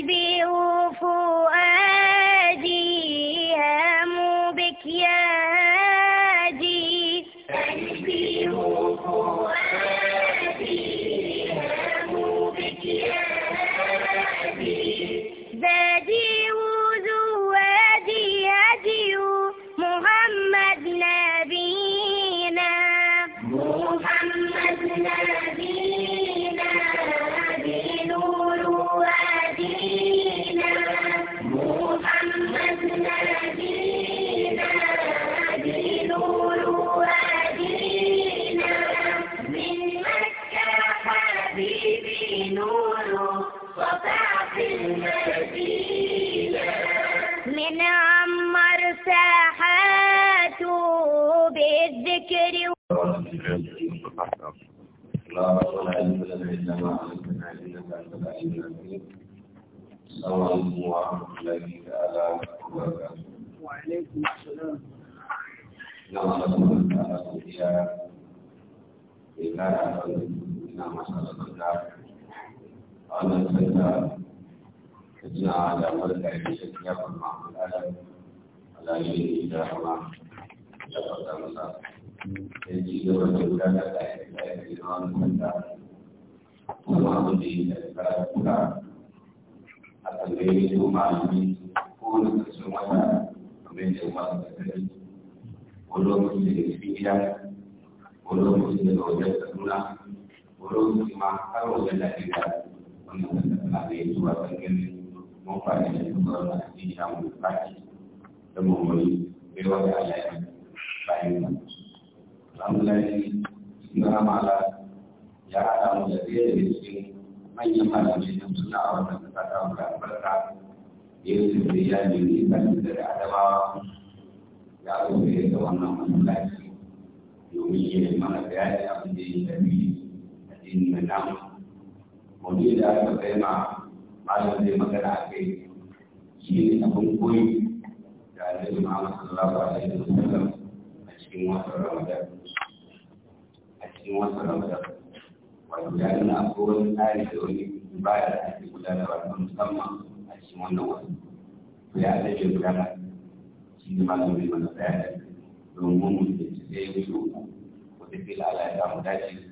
be wurin su ma har wajen da ke da wannan tattala da ya zuwa ganin mun fara da su kuma na cikin da mu baki da mu wani bai wa da Allah ya bayan nan alhamdulillah cikin ramala ya hada mu da ɗaya daga cikin manyan malamai da suna a wannan yi yi mana bayani abin da yi ilimin nan wani da aka kai ma malam zai magana a kai shi ne abin koyi da alaihi muhammad sallallahu alaihi wasallam a cikin watan ramadan a cikin watan ramadan wato ya nuna akwai wani tsari da wani baya da ake gudanarwa na musamman a cikin wannan wani to ya ke gudanar shi ne malam zai mana tsaya domin mu da ci zai wuce uku wata fila ala ya samu dace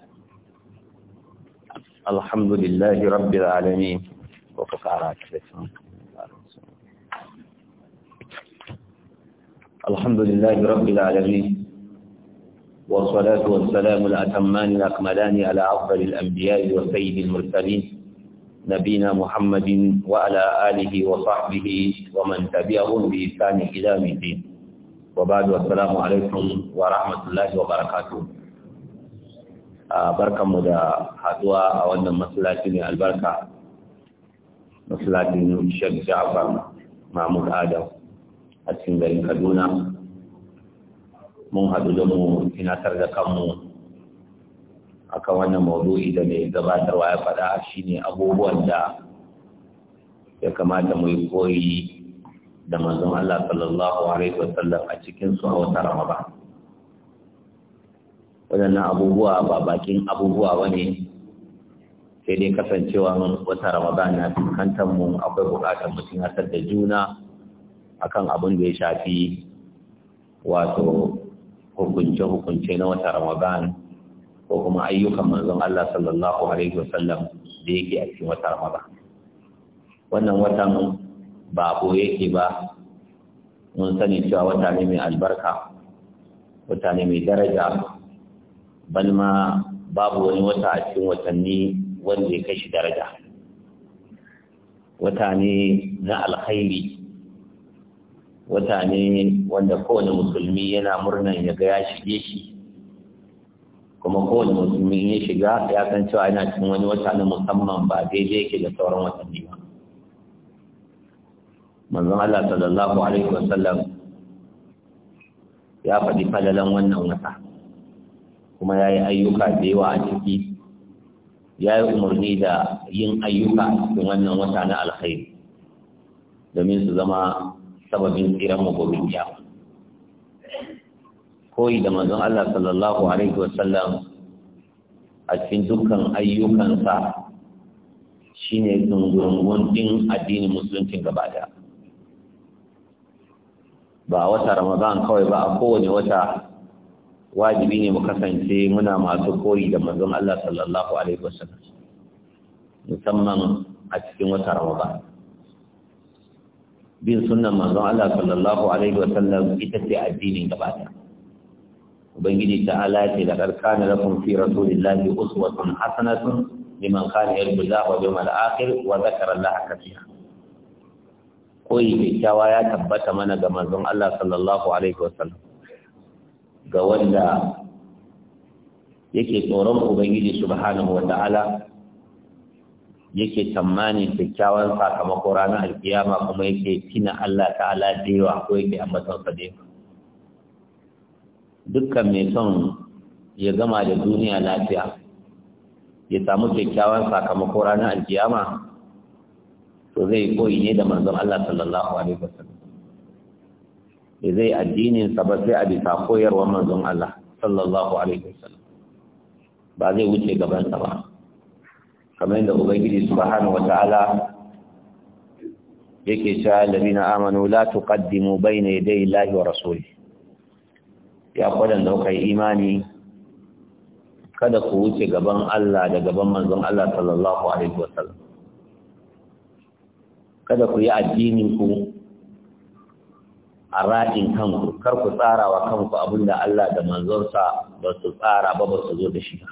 الحمد لله رب العالمين وفقارات الحمد لله رب العالمين والصلاة والسلام الأتمان الأكملان على أفضل الأنبياء وسيد المرسلين نبينا محمد وعلى آله وصحبه ومن تبعهم بإحسان إلى الدين وبعد والسلام عليكم ورحمة الله وبركاته barkan mu da haduwa a wannan masallaci ne albarka masallacin Sheikh Ja'far Mahmud Adam a cikin garin Kaduna mun haɗu da mu tunatar da kanmu akan wannan maudu'i da mai gabatarwa ya faɗa shine abubuwan da ya kamata mu yi koyi da manzon Allah sallallahu alaihi wasallam a cikin su a wata Ramadan waɗannan abubuwa ba bakin abubuwa ba ne sai dai kasancewa wata ramadan na fuskantar mu akwai buƙatar mutum hasar da juna akan abin da ya shafi wato hukunce-hukunce na wata ramadan ko kuma ayyukan manzon Allah sallallahu alaihi wasallam da yake a cikin wata ramadan wannan watan ba ko ke ba mun sani cewa wata ne mai albarka wata ne mai daraja balma babu wani wata a cikin watanni wanda ya kai shi daraja wata ne na alkhairi wata ne wanda kowane musulmi yana murnan ya ga ya shige shi kuma kowane musulmi ya shiga ya san cewa yana cikin wani wata na musamman ba daidai yake da sauran watanni ba manzon Allah sallallahu alaihi wasallam ya faɗi falalan wannan wata kuma ya yi ayyuka da yawa a ciki ya yi umarni da yin ayyuka a cikin wannan wata na alkhairi domin su zama sababin tsiran magobin ya koyi da manzon Allah sallallahu alaihi wasallam a cikin dukkan ayyukansa shine zungurungun din addinin musulunci gaba daya ba wata ramadan kawai ba a kowane wata wajibi ne mu kasance muna masu kori da manzon Allah sallallahu alaihi wasallam musamman a cikin wata Ramadan bin sunnan manzon Allah sallallahu alaihi wasallam ita ce addinin gaba ɗaya ubangiji ta'ala ce da karkana lakum fi rasulillahi uswatun hasanatun liman kana yarju Allah wa yawmal akhir wa dhakara Allah kathira koyi kyakkyawa ya tabbata mana ga manzon Allah sallallahu alaihi wasallam ga wanda yake tsoron ubangiji subhanahu wa ta’ala yake tsammanin kyakkyawan sakamako ranar alkiyama kuma yake tina Allah ta'ala yawa ko yake ambaton sa dewa dukkan mai son ya gama da duniya lafiya ya samu kyakkyawan sakamako ranar alkiyama to zai koyi ne da manzon Allah sallallahu alaihi wasallam da zai addinin sa ba sai a bisa koyarwar manzon Allah sallallahu alaihi wasallam ba zai wuce gaban sa ba kamar yadda ubangiji subhanahu wataala yake cewa Lamina amanu la tuqaddimu bayna yaday Allahi wa rasuli ya kwadan da kai imani kada ku wuce gaban Allah da gaban manzon Allah sallallahu alaihi wasallam kada ku yi addinin ku a raɗin kanku kar ku tsara wa kanku abin da Allah da manzonsa ba su tsara ba ba su zo da shi ba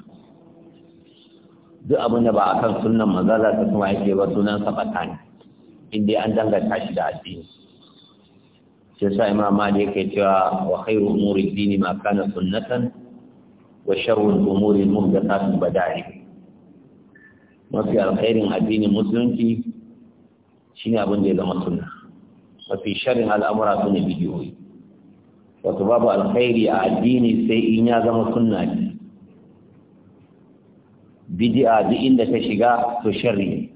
duk abin da ba a kan sunan za ta kuma yake ba sunan sabata ne inda an danganta shi da addini shi sa imam mali yake cewa wa khairu umuri dini ma kana sunnatan wa sharru umuri muhdathatun bada'i mafi alkhairin addinin musulunci shine abin da ya zama sunna mafi sharin al'amura su ne bidiyoyi wato babu alkhairi a addini sai in ya zama sunna ne bidi'a duk inda ta shiga to sharri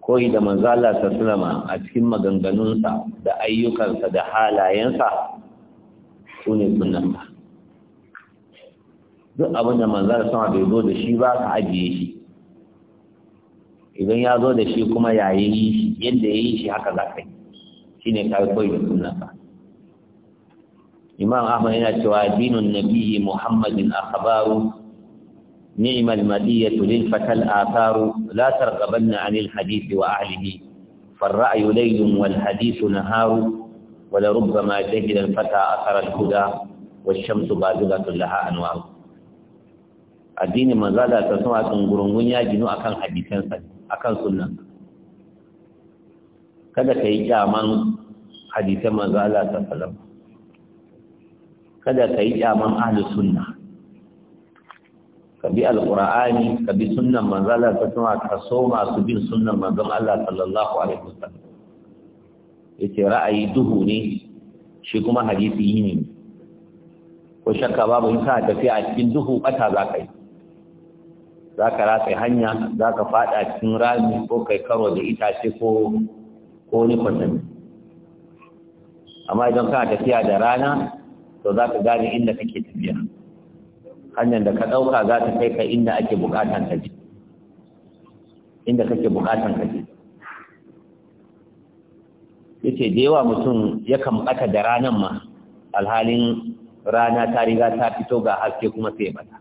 koyi da manzala ta sulama a cikin maganganunsa da ayyukansa da halayensa su ne duk abin da manzala sama bai zo da shi ba ka ajiye shi idan ya zo da shi kuma yi shi yadda ya yi shi haka za ka yi shi ne kawai suna ba imam ahmad yana cewa dinun nabiyyi muhammadin akhbaru ni'mal madiyatu lil fatal atharu la tarqabanna anil hadith wa ahlihi فالرأي ليل والحديث نهار ولربما جهل الفتى أثر الهدى والشمس باذلة لها أنوار الدين من زاد تسمع تنقرون يا جنو أكن حديثا سجد akan sunna kada ka yi kyaman hadisai manzo Allah sallallahu alaihi kada ka yi kyaman ahli sunna ka bi alqur'ani ka bi sunnan manzo Allah sallallahu alaihi wasallam ka so masu bin sunnan manzo Allah sallallahu alaihi wasallam yace ra'ayi duhu ne shi kuma hadisi yini ko shakka babu in ka tafi a cikin duhu bata za ka yi za ka ratsa hanya za ka faɗa cikin rami ko kai karo da itace ko ko ni kwatanni amma idan kana tafiya da rana to za ka gane inda kake tafiya hanyar da ka ɗauka za ta kai ka inda ake bukatan ka je inda kake bukatan ka je yace da yawa mutum yakan ɓata da ranan ma alhalin rana ta riga ta fito ga haske kuma sai ya bata.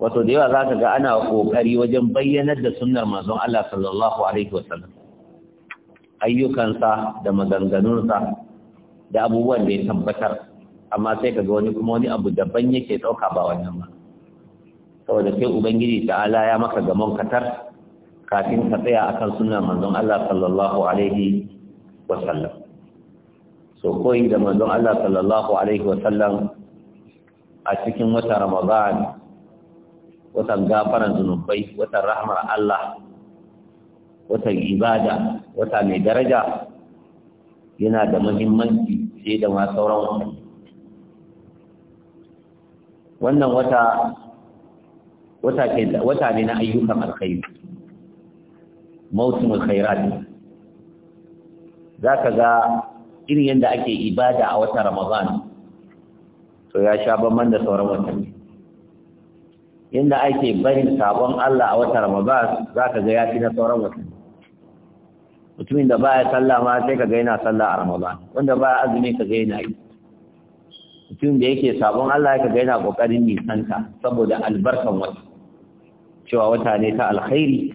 wato da yawa za ka ga ana ƙoƙari wajen bayyanar da sunnar manzon Allah sallallahu alaihi wasallam ayyukansa da maganganunsa da abubuwan da ya tabbatar amma sai ka ga wani kuma wani abu daban yake ɗauka ba wannan ba saboda sai ubangiji ta'ala ya maka gamon katar kafin ka tsaya akan sunnar manzon Allah sallallahu alaihi wasallam so koyi da manzon Allah sallallahu alaihi wasallam a cikin wata Ramadan watan gafaran zunubai watan rahmar Allah watan ibada wata mai daraja yana da muhimmanci sai da ma sauran wani wannan wata wata ke wata ne na ayyukan alkhairi mawsimul khairat zaka ga irin yadda ake ibada a watan Ramadan to ya sha man da sauran watanni inda ake barin sabon Allah a wata Ramadan za ka ga ya fi na sauran wata. mutumin da baya sallah ma sai ka ga yana sallah a Ramadan wanda baya azumi ka ga yana yi mutumin da yake sabon Allah ka ga yana kokarin nisanta saboda albarkan wata cewa wata ne ta alkhairi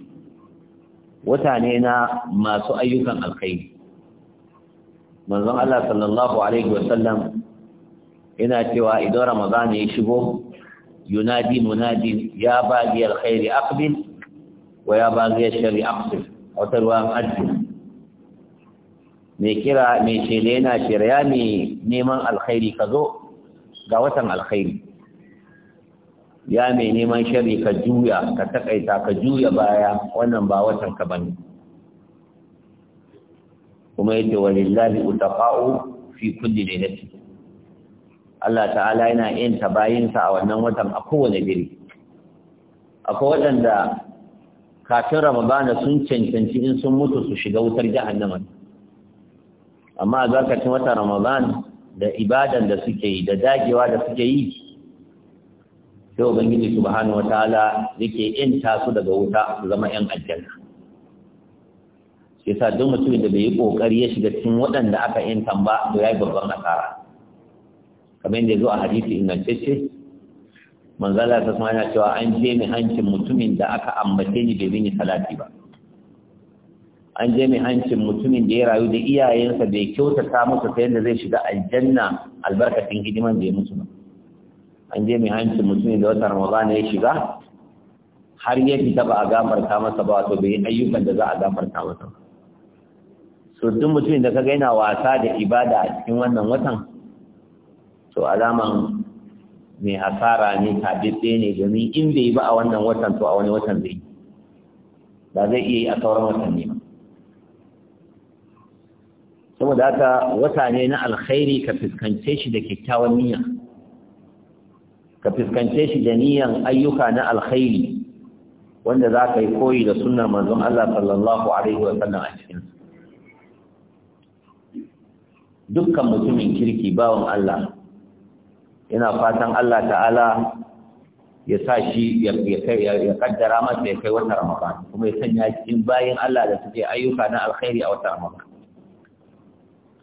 wata ne na masu ayyukan alkhairi manzon Allah sallallahu alaihi wasallam yana cewa idan Ramadan ya shigo ينادي مناد يا باغي الخير اقبل ويا باغي الشر اقبل وتروى أجل mai kira mai shele yana shirya ne neman alkhairi ka ga watan alkhairi ya mai neman shari ka juya ka ka juya baya wannan ba watan ka bane kuma yadda walillahi utaqa'u fi kulli lailatin Allah ta'ala yana yin tabayinsa a wannan watan a kowane biri akwai waɗanda kafin Ramadan sun cancanci in sun mutu su shiga wutar jahannama amma a zakacin watan Ramadan da ibadan da suke yi da dagewa da suke yi sai ubangiji subhanahu ta'ala yake yin su daga wuta su zama yan aljanna yasa duk mutumin da bai yi kokari ya shiga cikin waɗanda aka yin tamba to yayi babban asara kamar yadda zo a hadisi ingantacce manzala ta sama yana cewa an je mai hancin mutumin da aka ambace ni bai yi salati ba an je mai hancin mutumin da ya rayu da iyayensa bai kyauta ta masa ta yadda zai shiga aljanna albarkacin hidiman da ya mutu ba an je mai hancin mutumin da wata ramadana ya shiga har ya fita ba a gafarta masa ba wato bai ayyukan da za a ta masa ba so duk mutumin da ka gaina wasa da ibada a cikin wannan watan to alaman mai hasara ne tabibbe ne domin in bai ba a wannan watan to a wani watan zai ba zai iya yi a sauran watanni ba saboda haka wata ne na alkhairi ka fuskance shi da kyakkyawan niyya ka fuskance shi da niyyan ayyuka na alkhairi wanda za ka yi koyi da sunnar manzon Allah sallallahu alaihi wa sallam a cikin dukkan mutumin kirki bawan Allah ina fatan Allah ta'ala ya sa shi ya kaddara masa ya kai wata ramadan kuma ya sanya cikin bayan Allah da suke ayyuka na alkhairi a wata ramadan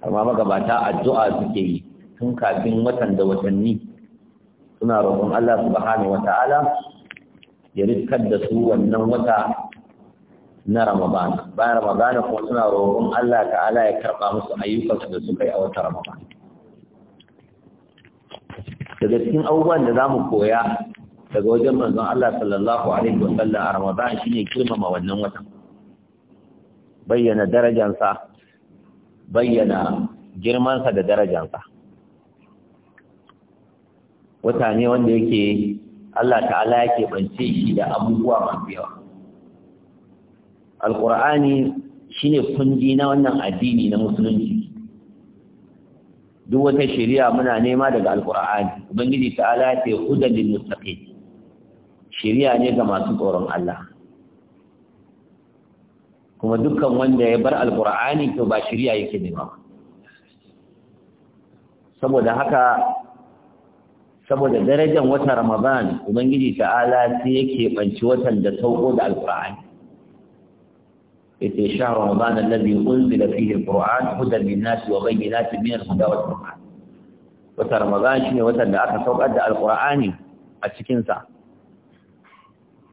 amma magabata addu'a suke yi tun kafin watan da watanni suna roƙon Allah subhanahu wata'ala ya riskar da su wannan wata na ramadan bayan ramadan kuma suna roƙon Allah ta'ala ya karɓa musu ayyukansu da suka yi a wata ramadan daga cikin abubuwan da za mu koya daga wajen manzon Allah sallallahu alaihi wasallam a Ramadan shine girmama wannan watan bayyana darajansa bayyana girmansa da darajansa wata ne wanda yake Allah ta'ala yake bance shi da abubuwa masu yawa alqur'ani shine kundi na wannan addini na musulunci duk wata shari'a muna nema daga alkur'ani ubangiji ta'ala ya ce hudan lil muttaqin shari'a ne ga masu tsoron Allah kuma dukkan wanda ya bar alkur'ani to ba shari'a yake nema saboda haka saboda darajar watan Ramadan ubangiji ta'ala sai yake banci watan da sauko da alkur'ani yace sha ramadan alladhi unzila fihi alquran hudan linnas wa bayyinatin min alhuda wal furqan wata ramadan shine watan da aka saukar da alqur'ani a cikin sa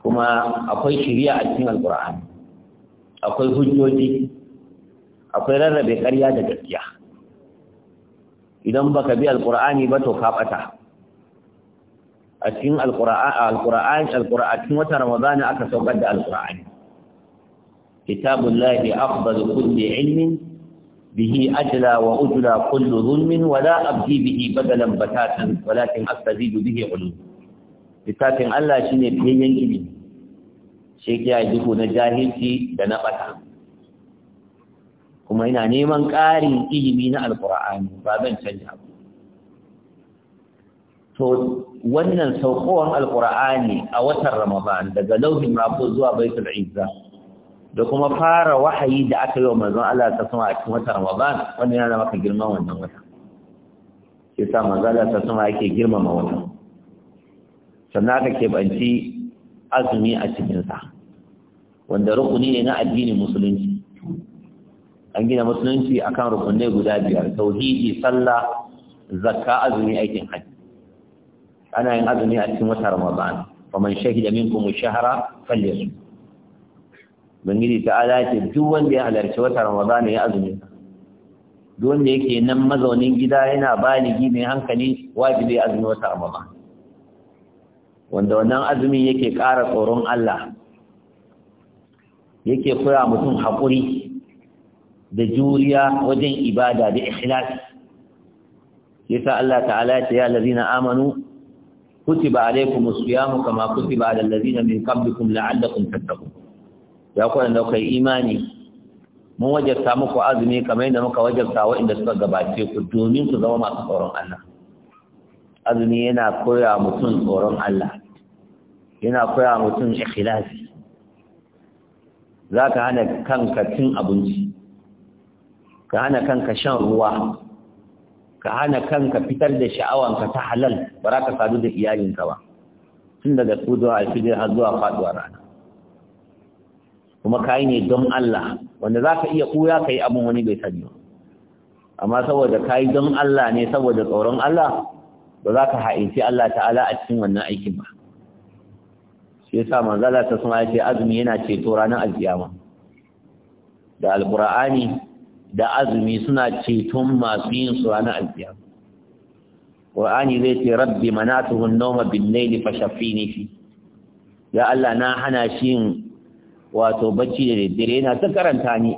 kuma akwai shiriya a cikin alqur'ani akwai hujjoji akwai rarrabe ƙarya da gaskiya idan baka bi alqur'ani ba to ka bata a cikin alqur'ani alqur'ani alqur'ani wata ramadan aka saukar da alqur'ani kitabullahi afdalu kulli ilmin bihi ajla wa ujla kullu zulmin wa la abdi bihi badalan batatan walakin astazidu bihi ulum littafin Allah shine fiyayyen ilimi sai kiyaye duhu na jahilci da na bata kuma ina neman ƙarin ilimi na ba zan to wannan saukowan alqur'ani a watan ramadan daga lauhin mahfuz zuwa baitul izza da kuma fara wahayi da aka yi wa manzon Allah ta sama a cikin watan Ramadan wanda yana maka girman wannan wata sai sa manzon Allah ta suma yake girmama wata sannan aka keɓanci azumi a cikinsa wanda rukuni ne na addinin musulunci an gina musulunci akan rukunai guda biyar tauhidi sallah zakka azumi aikin hajji ana yin azumi a cikin wata Ramadan faman shahida minkum ash-shahra falyasum ubangiji ta ala ce duk wanda ya halarci wata ramadana ya azumi duk wanda yake nan mazaunin gida yana baligi mai hankali wajibi ya azumi wata ramadana wanda wannan azumin yake ƙara tsoron Allah yake koya mutum haƙuri da juriya wajen ibada da ikhlas yasa Allah ta'ala ya ce ya allazina amanu kutiba alaykumus siyamu kama kutiba alal ladina min qablikum la'allakum tattaqun ya ku da kai imani mun wajabta muku azumi kamar yadda muka wajabta waɗanda suka gabace ku domin ku zama masu tsoron Allah azumi yana koya mutum tsoron Allah yana koya mutum ikhlasi ka hana kanka cin abinci ka hana kanka shan ruwa ka hana kanka fitar da sha'awanka ta halal ba za ka sadu da iyalinka ba tun daga tsudowa alfijir har zuwa faduwa rana kuma kayi ne don Allah wanda za ka iya kuya ka yi abin wani bai sani ba amma saboda kayi don Allah ne saboda tsoron Allah ba za ka ha'inci Allah ta'ala a cikin wannan aikin ba shi yasa manzala ta suna ce azumi yana ceto ranar alkiyama da alqur'ani da azumi suna ceton masu yin su ranar alkiyama qur'ani zai ce rabbi manatuhu an-nawma bin-layli fa fi ya Allah na hana shi yin wato bacci da daddare yana ta karanta ni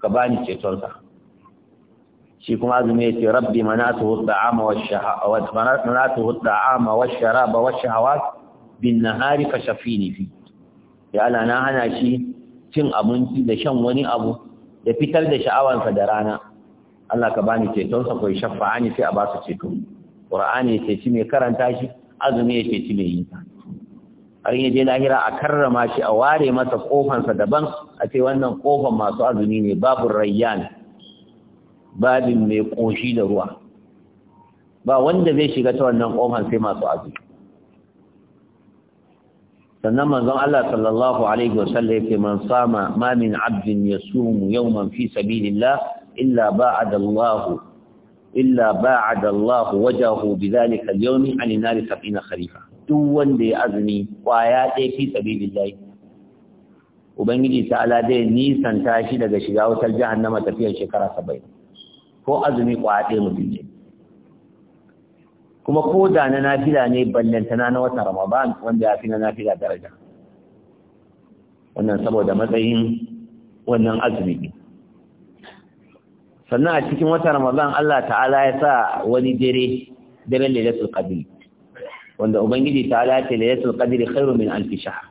ka bani cetonsa shi kuma azumi ya ce rabbi manatuhu da'ama wa sharaba wa shahawat bin nahari ka fi ya ala na hana shi cin abinci da shan wani abu da fitar da sha'awansa da rana Allah ka bani cetonsa ko shafa'ani sai a ba su ceto Qur'ani ya ce shi mai karanta shi azumi ya ce shi mai yin sa har yi je lahira a karrama shi a ware masa kofansa daban a ce wannan kofan masu azumi ne babu rayyan babin mai ƙoshi da ruwa ba wanda zai shiga ta wannan kofan sai masu azumi sannan manzon Allah sallallahu alaihi wasallam yake man sama ma min abdin yasumu yawman fi sabilillah illa ba'ada Allah illa ba'ada Allah wajahu bidhalika al-yawmi 'an nar 70 kharifa duk wanda ya azumi kwaya ɗaya fi sabilillahi ubangiji ta ala dai nisan tashi daga shiga wutar jahannama tafiyar shekara saba'in ko azumi kwaya ɗaya mutum ne kuma ko da na nafila ne ballantana na watan ramadan wanda ya fi na nafila daraja wannan saboda matsayin wannan azumi sannan a cikin watan ramadan Allah ta'ala ya sa wani dare dare lailatul qadr wanda ubangiji ta lati laylatul qadri khairu min alf shahr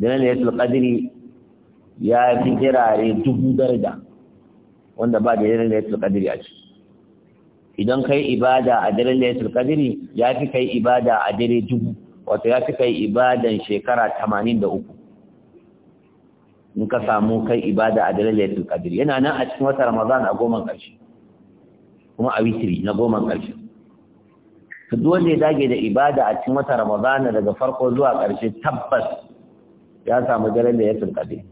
dan laylatul qadri ya fi jirare dubu daraja wanda ba da daren laylatul qadri a ci idan kai ibada a daren laylatul qadri ya fi kai ibada a dare dubu wato ya fi kai ibadan shekara 83 in ka samu kai ibada a daren laylatul qadri yana nan a cikin wata ramadan a goma karshe kuma a witri na goma karshe. to dole ya dage da ibada a cikin wata ramadana daga farko zuwa ƙarshe tabbas ya samu daren da ya tunkaɗe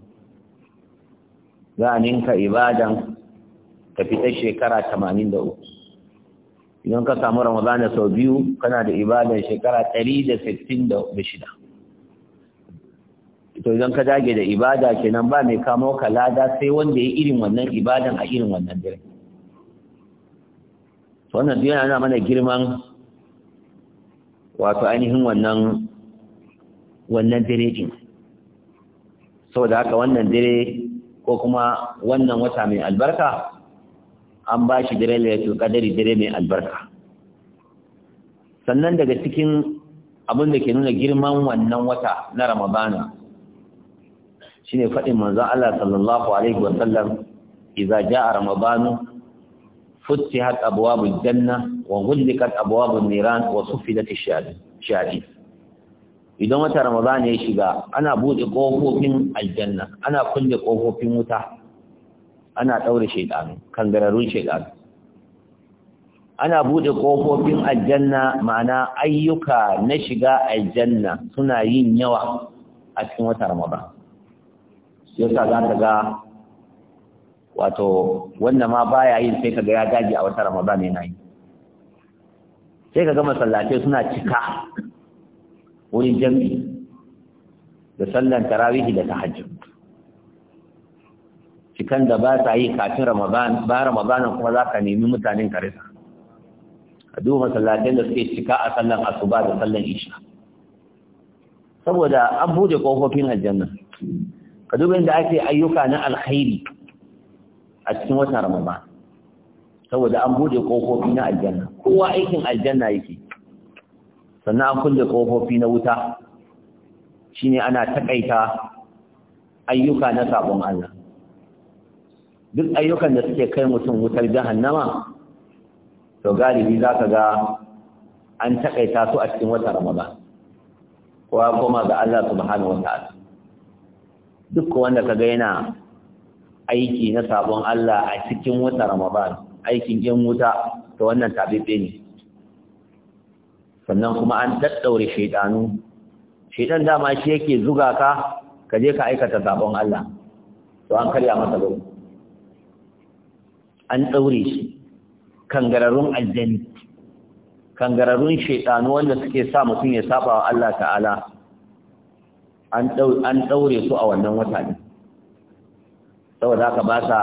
za a ninka ibadan ta fitar shekara tamanin da uku idan ka samu ramadana sau biyu kana da ibadan shekara 166 da sittin da to idan ka dage da ibada kenan ba mai kamo ka lada sai wanda ya irin wannan ibadan a irin wannan dare wannan duniya yana mana girman wato ainihin wannan wannan dare din saboda haka wannan dare ko kuma wannan wata mai albarka an ba shi dare lailatul qadari dare mai albarka sannan daga cikin abin da ke nuna girman wannan wata na Ramabana, shine faɗin manzon Allah sallallahu alaihi wasallam idza jaa ramadanu فتحت أبواب الجنة وغلقت أبواب النيران وصفدت الشهادين idan wata ramadan ya shiga ana bude kofofin aljanna ana kulle kofofin wuta ana daure shaydanu kangararun shaydanu ana bude kofofin aljanna ma'ana ayyuka na shiga aljanna suna yin yawa a cikin wata ramadan yasa za ka ga wato wanda ma baya yin sai kaga ya gaji a wata ramadan yana yi sai kaga masallatai suna cika wurin jami'i da sallan tarawih da tahajjud cikan da ba sa yi kafin ramadan ba Ramadan kuma za ka nemi mutanen karisa a duba masallatai da suke cika a sallan asuba da sallan isha saboda an bude kofofin aljanna ka duba inda ake ayyuka na alkhairi a cikin watan ramadan saboda an bude kofofi na aljanna kowa aikin aljanna yake sannan an kulle kofofi na wuta shine ana takaita ayyuka na sabon Allah duk ayyukan da suke kai mutum wutar jahannama to galibi zaka ga an takaita su a cikin watan ramadan kowa koma ga Allah subhanahu wataala duk wanda kaga yana aiki na sabon Allah a cikin wata Ramadan aikin yan wuta ta wannan tabibbe ne sannan kuma an daddaure shaidanu shaidan dama shi yake zuga ka ka je ka aikata sabon Allah to an karya masa gaba an daure shi kangararrun aljanni kangararrun shaidanu wanda suke sa mutum ya saba wa Allah ta'ala an daure su a wannan wata ne saboda haka ba sa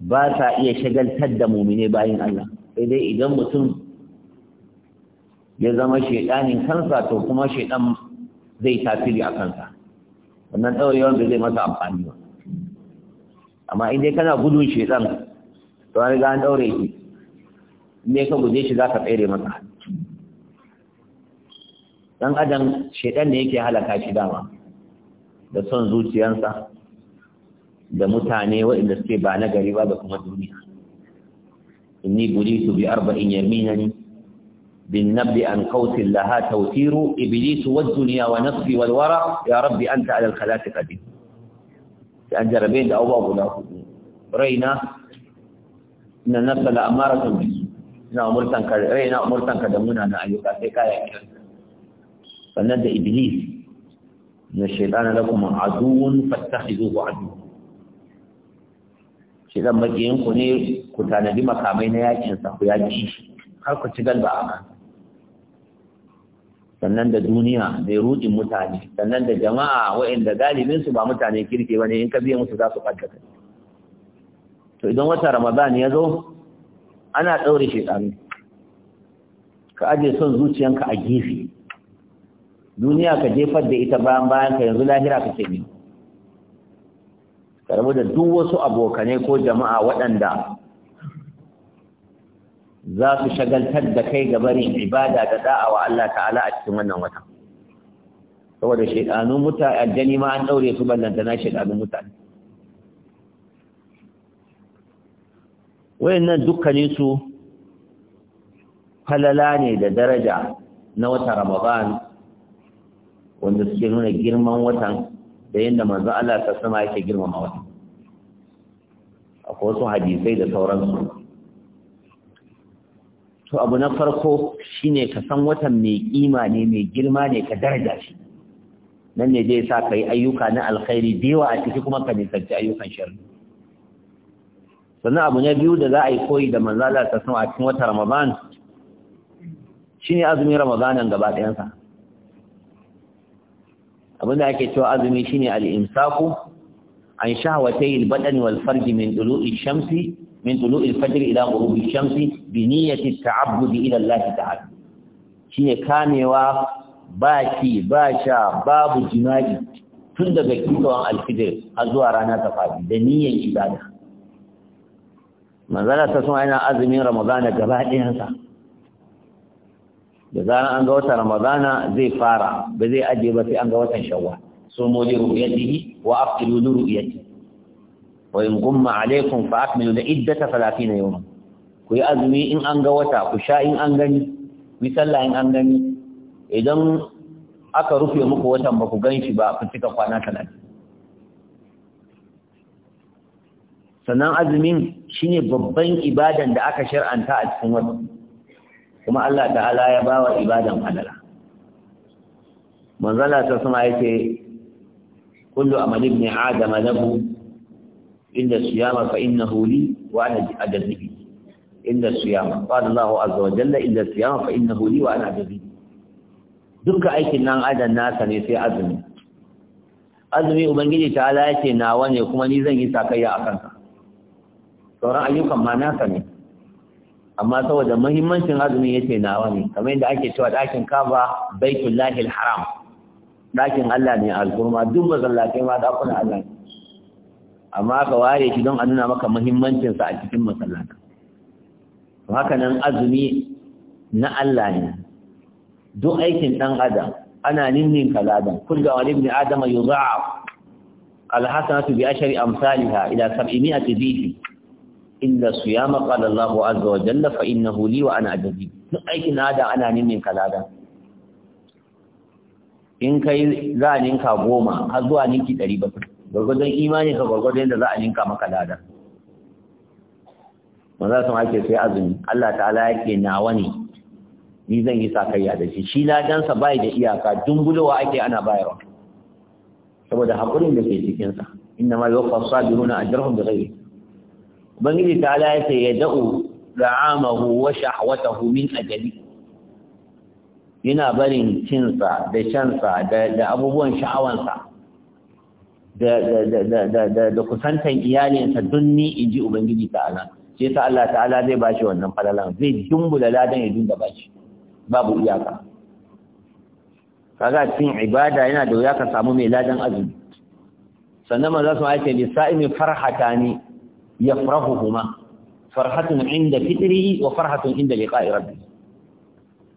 ba sa iya shagaltar da mumine bayin Allah sai dai idan mutum ya zama shaidanin kansa to kuma shaidan zai tasiri a kansa wannan ɗaurewar wanda zai masa amfani ba amma in dai kana gudun shaidan to an riga an ɗaure shi ne ka guje shi za ka tsere masa dan adam shaidan ne yake halaka shi dama da son zuciyarsa. da mutane waɗanda suke ba na gari ba da kuma duniya inni buritu bi arba'in yaminan bin nabbi an kautin laha tautiru iblisu wa dunya wa nafsi wal wara ya rabbi anta ala al-khalati qadir sai an jarabe da abubuwa guda hudu raina ina nafsa la amaratun bi na umurtan ka raina umurtan ka da munana ayyuka sai ka kiran sannan da iblis na shaytan lakum aduwwun fattakhiduhu aduwwan Kiɗan dan ku ne ku tanadi makamai na yakin sa ku yaki har ku ci galba a kan sannan da duniya mai rudin mutane sannan da jama'a wa'inda galibin su ba mutane kirki ne in ka biya musu za su ɓadda kai to idan wata ramadan ya zo ana ɗaure shekaru ka aje son zuciyanka a gefe duniya ka jefar da ita bayan bayan ka yanzu lahira ka ke ne karbu da duk wasu abokanai ko jama'a waɗanda za su shagaltar da kai ga barin ibada da da'awa Allah ta'ala a cikin wannan wata saboda shekanun mutane aljani ma an daure su ballanta na shaidanun mutane wayannan dukkanin su falala ne da daraja na wata Ramadan wanda suke nuna girman watan da yadda manzo Allah ta sama yake girmama wani akwai wasu hadisai da sauransu to abu na farko shine ka san watan mai kima ne mai girma ne ka daraja shi nan ne zai sa kai ayyuka na alkhairi dewa a ciki kuma ka nisanci ayyukan sharri sannan abu na biyu da za a yi koyi da Allah ta sama a cikin watan ramadan shine azumin ramadanan gaba ɗayansa abinda ake cewa azumi shine al-imsaku an shahawatayil badani wal farji min dulu'i shamsi min tulu'i al-fajr ila ghurubi shamsi bi niyyati at-ta'abbud ila Allah ta'ala shine kamewa Baki, Basha, babu jima'i tun daga kiwon al-fajr zuwa rana ta fadi da niyyar ibada manzala ta sun aina azumin ramadana gaba sa da zaran an ga wata ramadana zai fara ba zai aje ba sai an ga watan shawwal sumu li ru'yatihi wa aqilu li ru'yatihi wa in gumma alaykum fa akmilu da iddata 30 yawma ku yi azumi in an ga wata ku sha in an gani ku yi sallah in an gani idan aka rufe muku watan ba ku gan ba ku cika kwana 30 sannan azumin shine babban ibadan da aka shar'anta a cikin wannan kuma Allah ta'ala ya bawa ibadan fadala manzala ta sama yake kullu amal ibn adam lahu inda su siyama fa innahu li wa ana ajzibi inda siyama qala Allah azza wa jalla inda su siyama fa innahu huli, wa ana ajzibi Duka aikin nan adan nasa ne sai azumi azumi ubangiji ta ala ce nawa ne kuma ni zan yi sakayya a kansa sauran ayyukan ma nasa ne amma saboda muhimmancin azumin yace nawa ne kamar yadda ake cewa dakin Kaaba Baitullahi al-Haram dakin Allah ne al duk masallatai ma dakuna Allah ne amma ka ware shi don a nuna maka muhimmancin sa a cikin masallaka to haka nan azumi na Allah ne duk aikin dan adam ana ninnin kaladan kullu wa ibn adam yuzaa al-hasanatu bi ashri amsalha ila 700 dhifi inna siyama qala Allah azza wa jalla fa innahu li wa ana ajazi duk aikin da ana min kalada in kai za a ninka goma har zuwa ninki ɗari ba gwargwadon imani ka gwargwadon yadda za a ninka maka lada maza sun ake sai azumi Allah ta'ala yake nawa ne ni zan yi sakayya da shi shi ladansa bai da iyaka dumbulowa ake ana bayarwa saboda haƙurin da ke cikinsa inna ma yawfa sabiruna ajrahum bighayri ubangiji ta ala ya ce ya da'u da amahu wa shahwatahu min ajali yana barin cinsa da shansa da abubuwan sha'awansa da kusantan iyalinsa dunni in ji Ubangiji ala. ce ta Allah ta'ala zai bashi wannan falalan zai dumbula ladan ya dunda bashi babu iyaka kaga cikin ibada yana da wuya ka samu mai ladan azumi sannan maza su ake sa'imi farhatani yafrahuhuma farhatun inda fitri wa farhatun inda liqa'i rabbi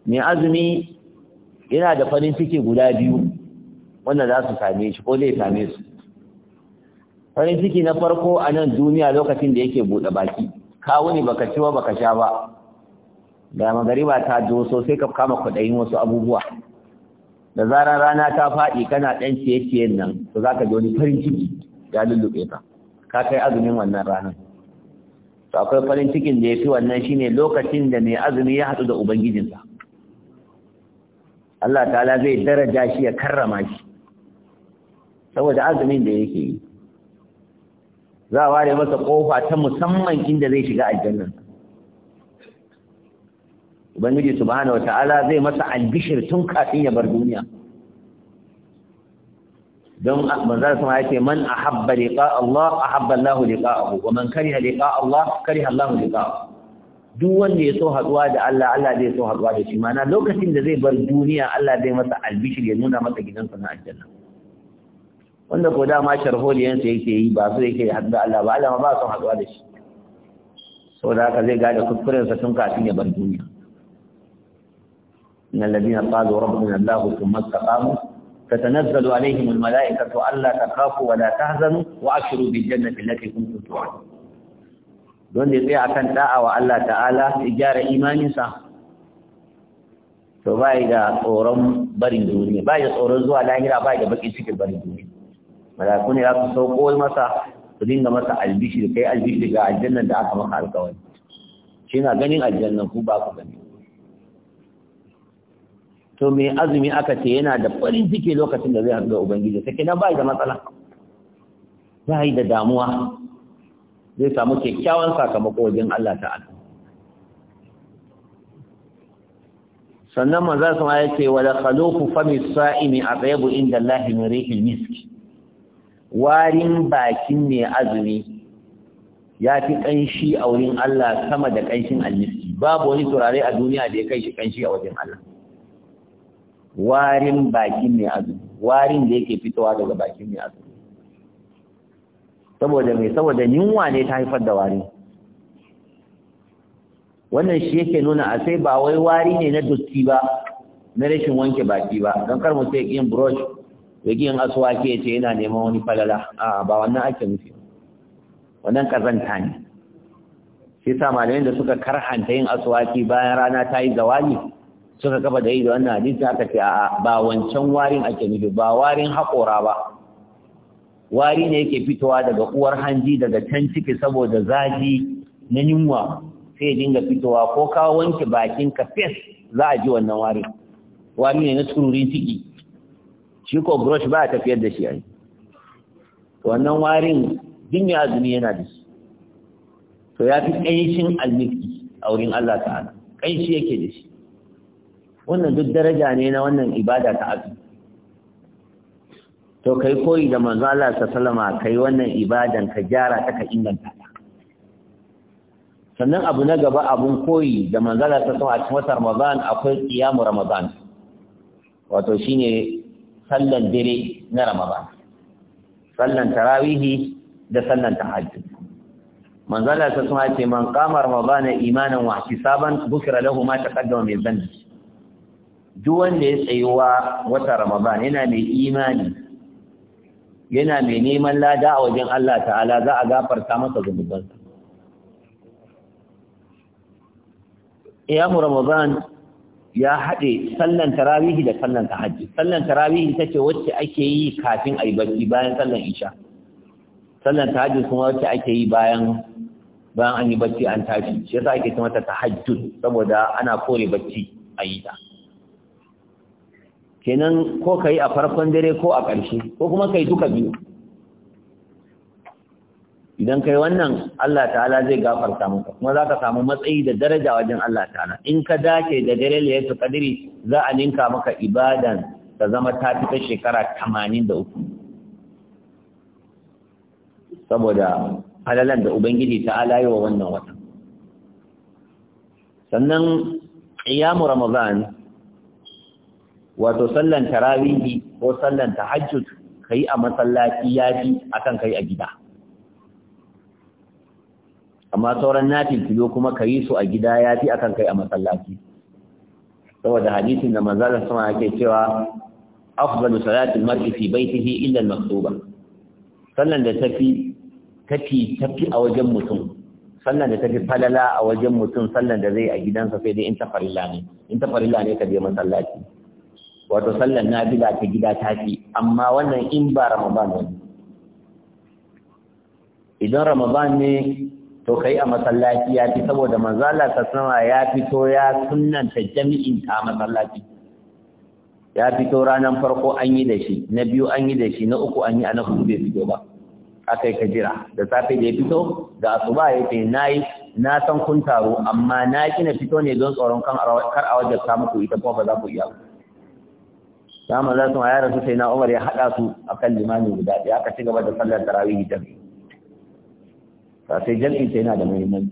mai azumi yana da farin ciki guda biyu wanda za su same shi ko zai same su farin ciki na farko a nan duniya lokacin da yake buɗe baki Kawuni ne baka ciwa baka sha ba da magariba ta doso sosai ka kama kudayin wasu abubuwa da zarar rana ta faɗi kana ɗan ciye-ciyen nan to zaka ka ji wani farin ciki ya lullube ka ka kai azumin wannan ranar to akwai farin cikin da ya fi wannan shine lokacin da mai azumi ya haɗu da ubangijinsa Allah ta'ala zai daraja shi ya karrama shi saboda azumin da yake yi za a ware masa ƙofa ta musamman inda zai shiga aljanna ubangiji subhanahu wata'ala zai masa albishir tun kafin ya bar duniya don manzon sama yake man habba liqa Allah a ahabba Allah abu. wa man kariha liqa Allah kariha Allah liqa'ahu duk wanda ya so haɗuwa da Allah Allah zai so haɗuwa da shi mana lokacin da zai bar duniya Allah zai masa albishir ya nuna masa gidansa na aljanna wanda ko dama sharholiyansa yake yi ba so yake haɗu da Allah ba Allah ba son haɗuwa da shi saboda haka zai gada kuskurensa tun kafin ya bar duniya إن الذين قالوا ربنا الله ثم استقاموا tatanazzalu عليهم الملائكة ألا تخافوا ولا تهزنوا وأشروا بالجنة التي bil jannati allati kuntum tu'adun don da tsaya akan da'a wa Allah ta'ala ya gyara imaninsa to bai da tsoron barin duniya bai da tsoron zuwa lahira bai da bakin cikin barin duniya malaku ne za su sauko masa su dinga masa albishi kai albishi ga aljannan da aka maka alkawari shi na ganin aljannan ku ba ku gani to mai azumi aka ce yana da farin ciki lokacin da zai haɗu da ubangiji sai kina bai da matsala bai da damuwa zai samu kyakkyawan sakamako wajen Allah ta'ala sannan manzo sama ya ce wala khalufu fami sa'imi atyabu inda Allah min rihil misk warin bakin ne azumi ya fi kanshi a wurin Allah sama da kanshin aljiski babu wani turare a duniya da ya kai shi kanshi a wajen Allah warin bakin mai azumi warin da yake fitowa daga bakin mai azumi saboda mai saboda yunwa ne ta haifar da wari wannan shi yake nuna a sai ba wai wari ne na dutti ba na rashin wanke baki ba don kar mu sai yin brush ya yin aswaki ke ce yana neman wani falala a ba wannan ake nufi wannan kazanta ne sai sa malamai da suka karhanta yin aswaki bayan rana ta yi zawali suka kafa da yi da wannan hadisi aka ce a'a ba wancan warin ake nufi ba warin haƙora ba wari ne yake fitowa daga uwar hanji daga can ciki saboda zafi na yunwa sai dinga fitowa ko ka wanke bakin ka fes za a ji wannan wari wari ne na tsururin ciki shi ko brush ba a tafiyar da shi ai wannan warin duk ya azumi yana da shi to ya fi ƙanshin almiski a wurin Allah ta'ala ƙanshi yake da shi wannan duk daraja ne na wannan ibada ta azumi to kai koyi da manzo Allah sallama kai wannan ibadan ka gyara ta ka inganta ta sannan abu na gaba abun koyi da manzo Allah sallama a cikin watan Ramadan akwai qiyamu Ramadan wato shine sallan dare na Ramadan sallan tarawihi da sallan tahajjud manzo Allah sallama ce man qama Ramadan imanan wa ihtisaban bukira lahu ma taqaddama min dhanbi duk wanda ya tsayuwa wata ramadan yana mai imani yana mai neman lada a wajen Allah ta'ala za a gafarta masa zunubansa mu ramadan ya haɗe sallan tarawihi da sallan tahajji sallan tarawihi ta ce wacce ake yi kafin a yi bacci bayan sallan isha sallan tahajji kuma wacce ake yi bayan bayan an yi bacci an tashi shi yasa ake ce mata tahajjud saboda ana kore bacci a yi ta kenan ko ka yi a farkon dare ko a ƙarshe ko kuma ka yi duka biyu idan kai wannan Allah ta'ala zai gafarta maka kuma za ka samu matsayi da daraja wajen Allah ta'ala in ka dace da dare laylatul qadri za a ninka maka ibadan ta zama ta shekara shekara 83 saboda halalan da ubangiji ta'ala yi wa wannan watan sannan qiyamu ramadan wato sallan tarawihi ko sallan tahajjud kai a masallaci yafi akan kai a gida amma sauran nafil filo kuma kai su a gida yafi akan kai a masallaci saboda hadisin da manzon sama yake cewa afdalu salati al-mar'i fi baytihi illa al-maktuba sallan da tafi tafi tafi a wajen mutum sallan da tafi falala a wajen mutum sallan da zai a gidansa sai dai in ta farilla ne in ta farilla ne ka je masallaci wato sallar bila ta gida ta fi amma wannan in ba ramadan ne idan ramadan ne to kai a masallaci ya fi saboda manzala ta sama ya fito ya sunnanta jami'in ta masallaci ya fito ranar farko an yi da shi na biyu an yi da shi na uku an yi a na hudu bai fito ba aka yi kajira da safe da ya fito da asuba ya ce na san kun taro amma na kina fito ne don tsoron kan kar a wajen samu ku ita kuma ba za ku iya ku Za manzan sun ya rasu sai na umar ya haɗa su a kan limani guda ɗaya aka ci gaba da sallar tarawih ta sai jam'i sai na da muhimmanci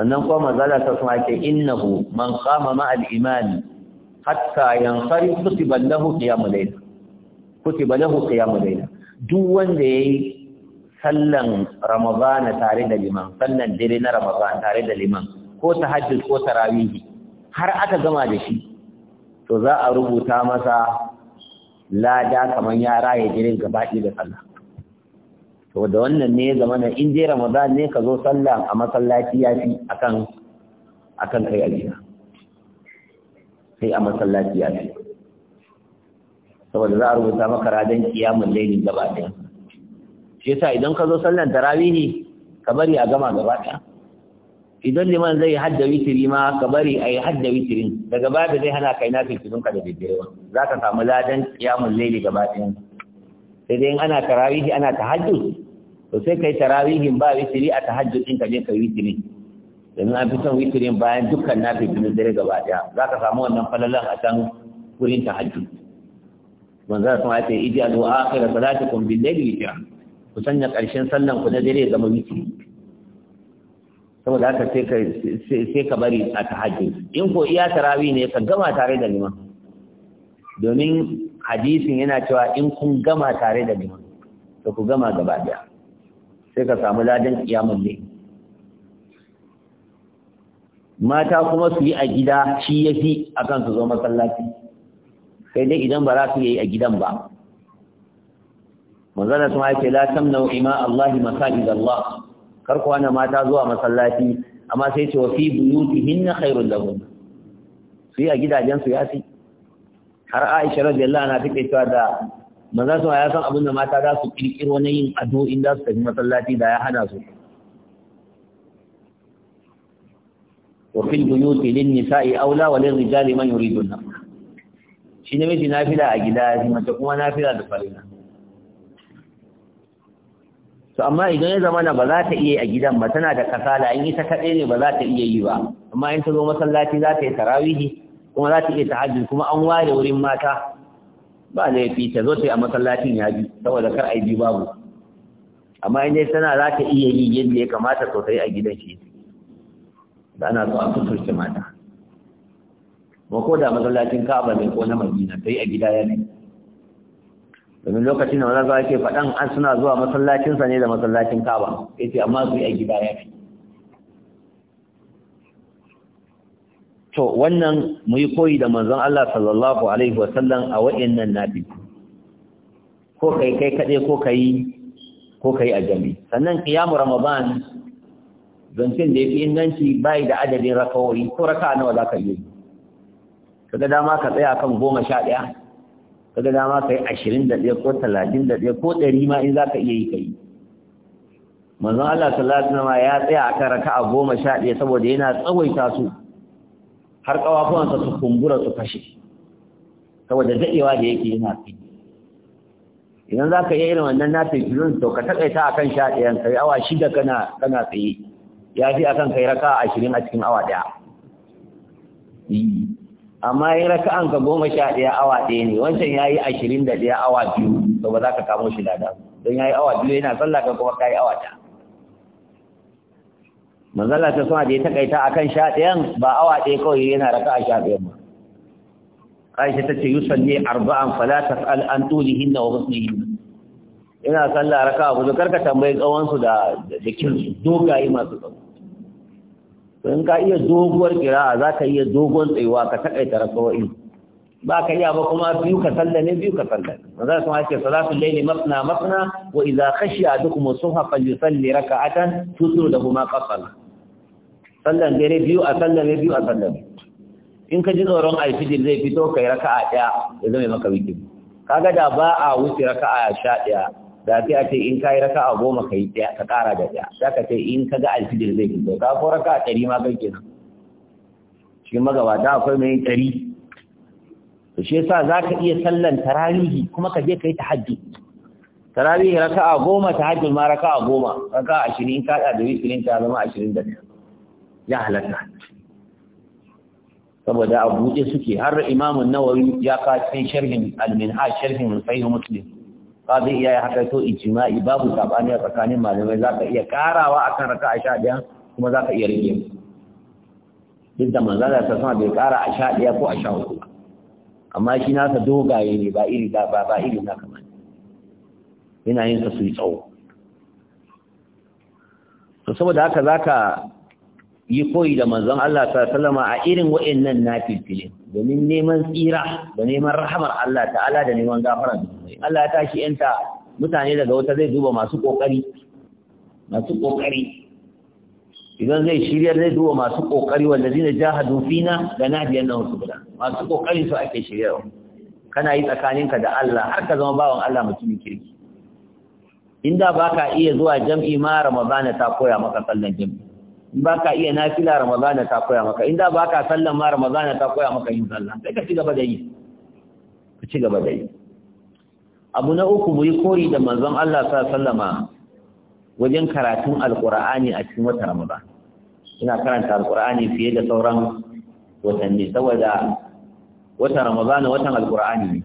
sannan kuma mazala ta sun ake innahu man qama ma al imani hatta yansari kutiba lahu qiyamul layl kutiba lahu qiyamul layl duk wanda yayi sallan ramadan tare da liman sallan dare na ramadan tare da liman ko tahajjud ko tarawih har aka gama da shi to za a rubuta masa lada kamar ya raye jirin gabaɗi da sallah to da wannan ne zama na in je ramadan ne ka zo sallah a masallaci ya fi akan akan kai a gida sai a masallaci ya fi saboda za a rubuta maka radan kiyamun lailin gabaɗi ɗaya shi yasa idan ka zo sallan tarawihi ka bari a gama gabaɗi idan liman zai hadda witiri ma ka bari a yi hadda witirin daga baya da zai hana kai na fitilun ka da daddare za ka samu ladan kiyamun laili gaba ɗayan sai dai ana tarawihi ana tahajjud to sai kai tarawihin ba witiri a tahajjud ɗin ka je ka witiri domin an fi son witirin bayan dukkan na fitilun dare gaba ɗaya za ka samu wannan falalan a can wurin tahajjud manzan sun ce iji a zuwa akira salatikum bin laili witira ku sanya ƙarshen sallan ku na dare zama witiri saboda haka sai ka bari a tahajjud in ko iya tarawi ne ka gama tare da liman domin hadisin yana cewa in kun gama tare da liman to ku gama gaba daya sai ka samu ladan kiyamun ne mata kuma su yi a gida shi ya a akan su zo masallaci sai dai idan ba za su yi a gidan ba manzana sun haife la tamnau ima Allah masa'id Allah karko ana mata zuwa masallaci amma sai ce wafi fi buyutihinna khairul lahum su yi a gidajen su yasi? har Aisha radiyallahu anha take cewa da manzo sun ya san abin da mata za su kirkiro na yin ado in za su tafi masallaci da ya hana su wa fil buyuti lin nisa'i aula wa lil rijali man yuridu an-nafs shi ne nafila a gida shi kuma nafila da farilla to amma idan ya zama na ba za ta iya yi a gidan ba tana da kasala in ita kaɗai ne ba za ta iya yi ba amma in ta zo masallaci za ta yi tarawihi kuma za ta iya tahajjud kuma an ware wurin mata ba laifi ta zo ta yi a masallacin ya bi saboda kar ai bi babu amma in dai tana za ta iya yi yadda ya kamata sosai a gidan shi da ana so a suturce mata ba ko da masallacin ka'aba ne ko na madina sai a gida ya ne domin lokacin da maza zuwa ke faɗan an suna zuwa masallacinsa ne da masallacin kaba ya ce amma su yi a gida ya fi to wannan mu yi koyi da manzon Allah sallallahu alaihi wasallam a wa'annan nabi ko kai kai kaɗe ko kai ko kai a jami sannan kiyamu ramadan zancen da ya fi inganci bayi da adadin rakawai ko raka nawa za ka yi ga dama ka tsaya kan goma sha ɗaya kaga dama kai ashirin da ɗaya ko talatin da ɗaya ko ɗari ma in za ka iya yi ka yi manzon Allah sallallahu alaihi wasallam ya tsaya a kan raka'a goma sha ɗaya saboda yana tsawaita su har ƙawafuwansa su kumbura su fashe saboda daɗewa da yake yana fi idan za ka iya irin wannan na filfilin to ka taƙaita a kan sha ɗayan kai awa shida kana kana tsaye ya fi a kan kai raka ashirin a cikin awa ɗaya hmm. amma in raka'an ka goma sha ɗaya awa ɗaya ne wancan ya yi ashirin da ɗaya awa biyu to ba za ka kamo shi lada don ya yi awa biyu yana sallah ka kuma ka yi awa ta manzala ta suna da ya takaita akan sha ɗayan ba awa ɗaya kawai yana raka a sha ɗayan ba aisha ta ce ne arba'an fala tas'al an tulihinna wa husnihinna yana sallah raka'a kar karka tambayi tsawon su da da kinsu dogaye masu tsawo to in ka iya doguwar kira'a za ka iya dogon tsayuwa ka takaita rakawai ba ka iya ba kuma biyu ka sallame biyu ka sallame maza su ma ce salatu laili mafna mafna wa idza khashiya adukum subha falyusalli raka'atan tutur da kuma qasal sallan dare biyu a sallame biyu a sallame in ka ji tsoron alfijir zai fito kai raka'a daya ya zama maka wiki kaga da ba a wuce raka'a sha daya da sai a ce in ka yi raka a goma ka yi ɗaya ka ƙara da ɗaya za ka ce in ka ga alfijir zai fito ka ko raka a ɗari ma kai nan cikin magabata akwai mai ɗari to shi yasa za ka iya sallan tarawihi kuma ka je ka yi hajji? tarawihi raka a goma tahajjud ma raka a goma raka a ashirin ka da witirin ta zama ashirin da ɗaya ya halatta saboda a buɗe suke har imamun nawawi ya kawo cikin sharhin al-minhaj sharhin sahih muslim zai iya ya haka to ijma'i babu sabani a tsakanin malamai zaka iya karawa akan raka'a sha daya kuma zaka iya rage duk da manzala ta sama bai kara a sha ɗaya ko a sha uku amma shi nasa dogaye ne ba iri da ba ba iri na kamar yana yin sa su tsawo to saboda haka zaka yi koyi da manzon Allah sallama a irin wa'annan nafilfilin domin neman tsira da neman rahamar Allah ta'ala da neman gafara Allah ya tashi yanta mutane daga wata zai duba masu kokari masu kokari idan zai shiryar zai duba masu kokari wanda zai jahadu fina da nadiyan nan su guda masu kokari su ake shiryarwa kana yi tsakaninka da Allah har ka zama bawan Allah mutumin kirki inda baka iya zuwa jam'i ma Ramadana ta koya maka sallan jam'i in ba ka iya nafila ramadana ta koya maka inda ba ka sallan ma ramadana ta koya maka yin sallah sai ka ci gaba da yi ka ci gaba da yi abu na uku mu yi koyi da manzon Allah sa sallama wajen karatun alqur'ani a cikin watan ramadan ina karanta alqur'ani fiye da sauran watanni saboda watan ramadan watan alqur'ani ne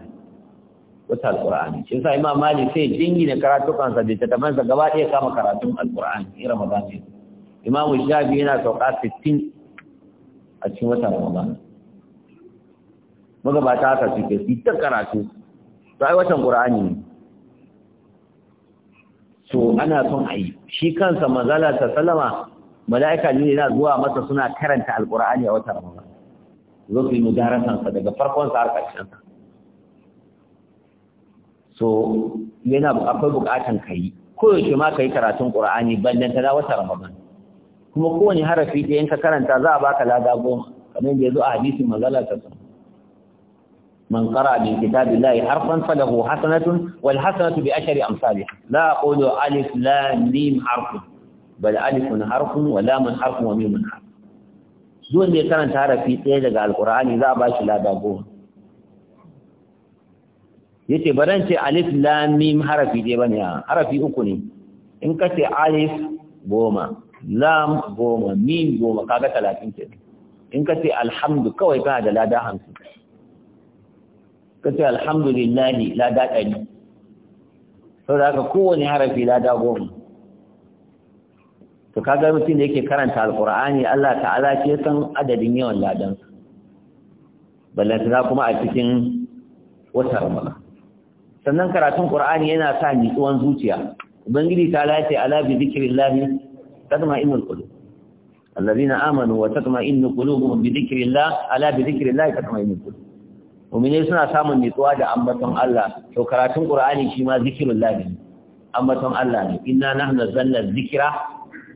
wata alqur'ani shi sai imam malik sai jingina karatukansa da manza gaba ɗaya kama karatun alqur'ani in ramadan ne imam shafi yana sauka 60 a cikin watan ramadan ta haka suke su ta karatu to ai watan qur'ani ne So ana son a yi shi kansa manzala ta salama mala'ika ne yana zuwa masa suna karanta alqur'ani a wata ramadan zo su yi mudarasansa daga farkon sa har ƙarshen sa so yana akwai bukatan kai ko yaushe ma kai karatun qur'ani bandan ta da watan ramadan kuma kowane harafi ɗaya in ka karanta za a baka lada goma kamar da ya zo a hadisin manzala ta sun man qara min kitabillahi harfan falahu hasanatun wal hasanatu bi ashri amsalih la aqulu alif la-nim harf bal alifun harfun wa lamun harfun wa mimun harf duk wanda ya karanta harafi ɗaya daga alqur'ani za a bashi lada goma yace baran ce alif la mim harafi ɗaya bane harafi uku ne in ka ce alif goma lam goma min goma kaga talatin ke in ka ce alhamdu kawai kana da lada hamsin ka ce alhamdulillahi lada ɗari sau da haka kowane harafi lada goma to kaga mutum da yake karanta alkur'ani Allah ta'ala ce san adadin yawan ladansa ballantana kuma a cikin wata ramana sannan karatun ƙur'ani yana sa nitsuwan zuciya ubangiji ta lace ala bi Lami. تطمئن القلوب الذين آمنوا وتطمئن قلوبهم بذكر الله ألا بذكر الله تطمئن القلوب mu'minai suna samun nutsuwa da ambaton Allah to karatun Qur'ani shi ma zikrullah ne ambaton Allah ne inna nahnu zalla zikra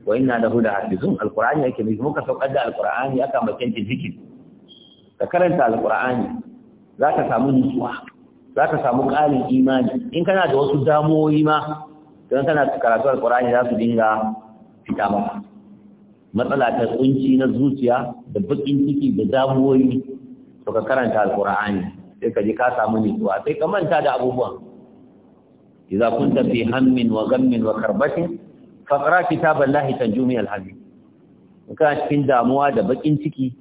wa inna lahu lahafizun alqur'ani yake ne muka saukar da alqur'ani aka makanci zikir ka karanta alqur'ani zaka samu nutsuwa zaka samu ƙarin imani in kana da wasu damuwoyi ma don kana karatu alqur'ani za su dinga fita maka matsala ta kunci na zuciya da bakin ciki da damuwoyi to ka karanta alqur'ani sai ka ji ka samu nutsuwa sai ka manta da abubuwan idza kunta fi hammin wa ghammin wa karbatin faqra kitaballahi tanjumi alhadi ka cikin damuwa da bakin ciki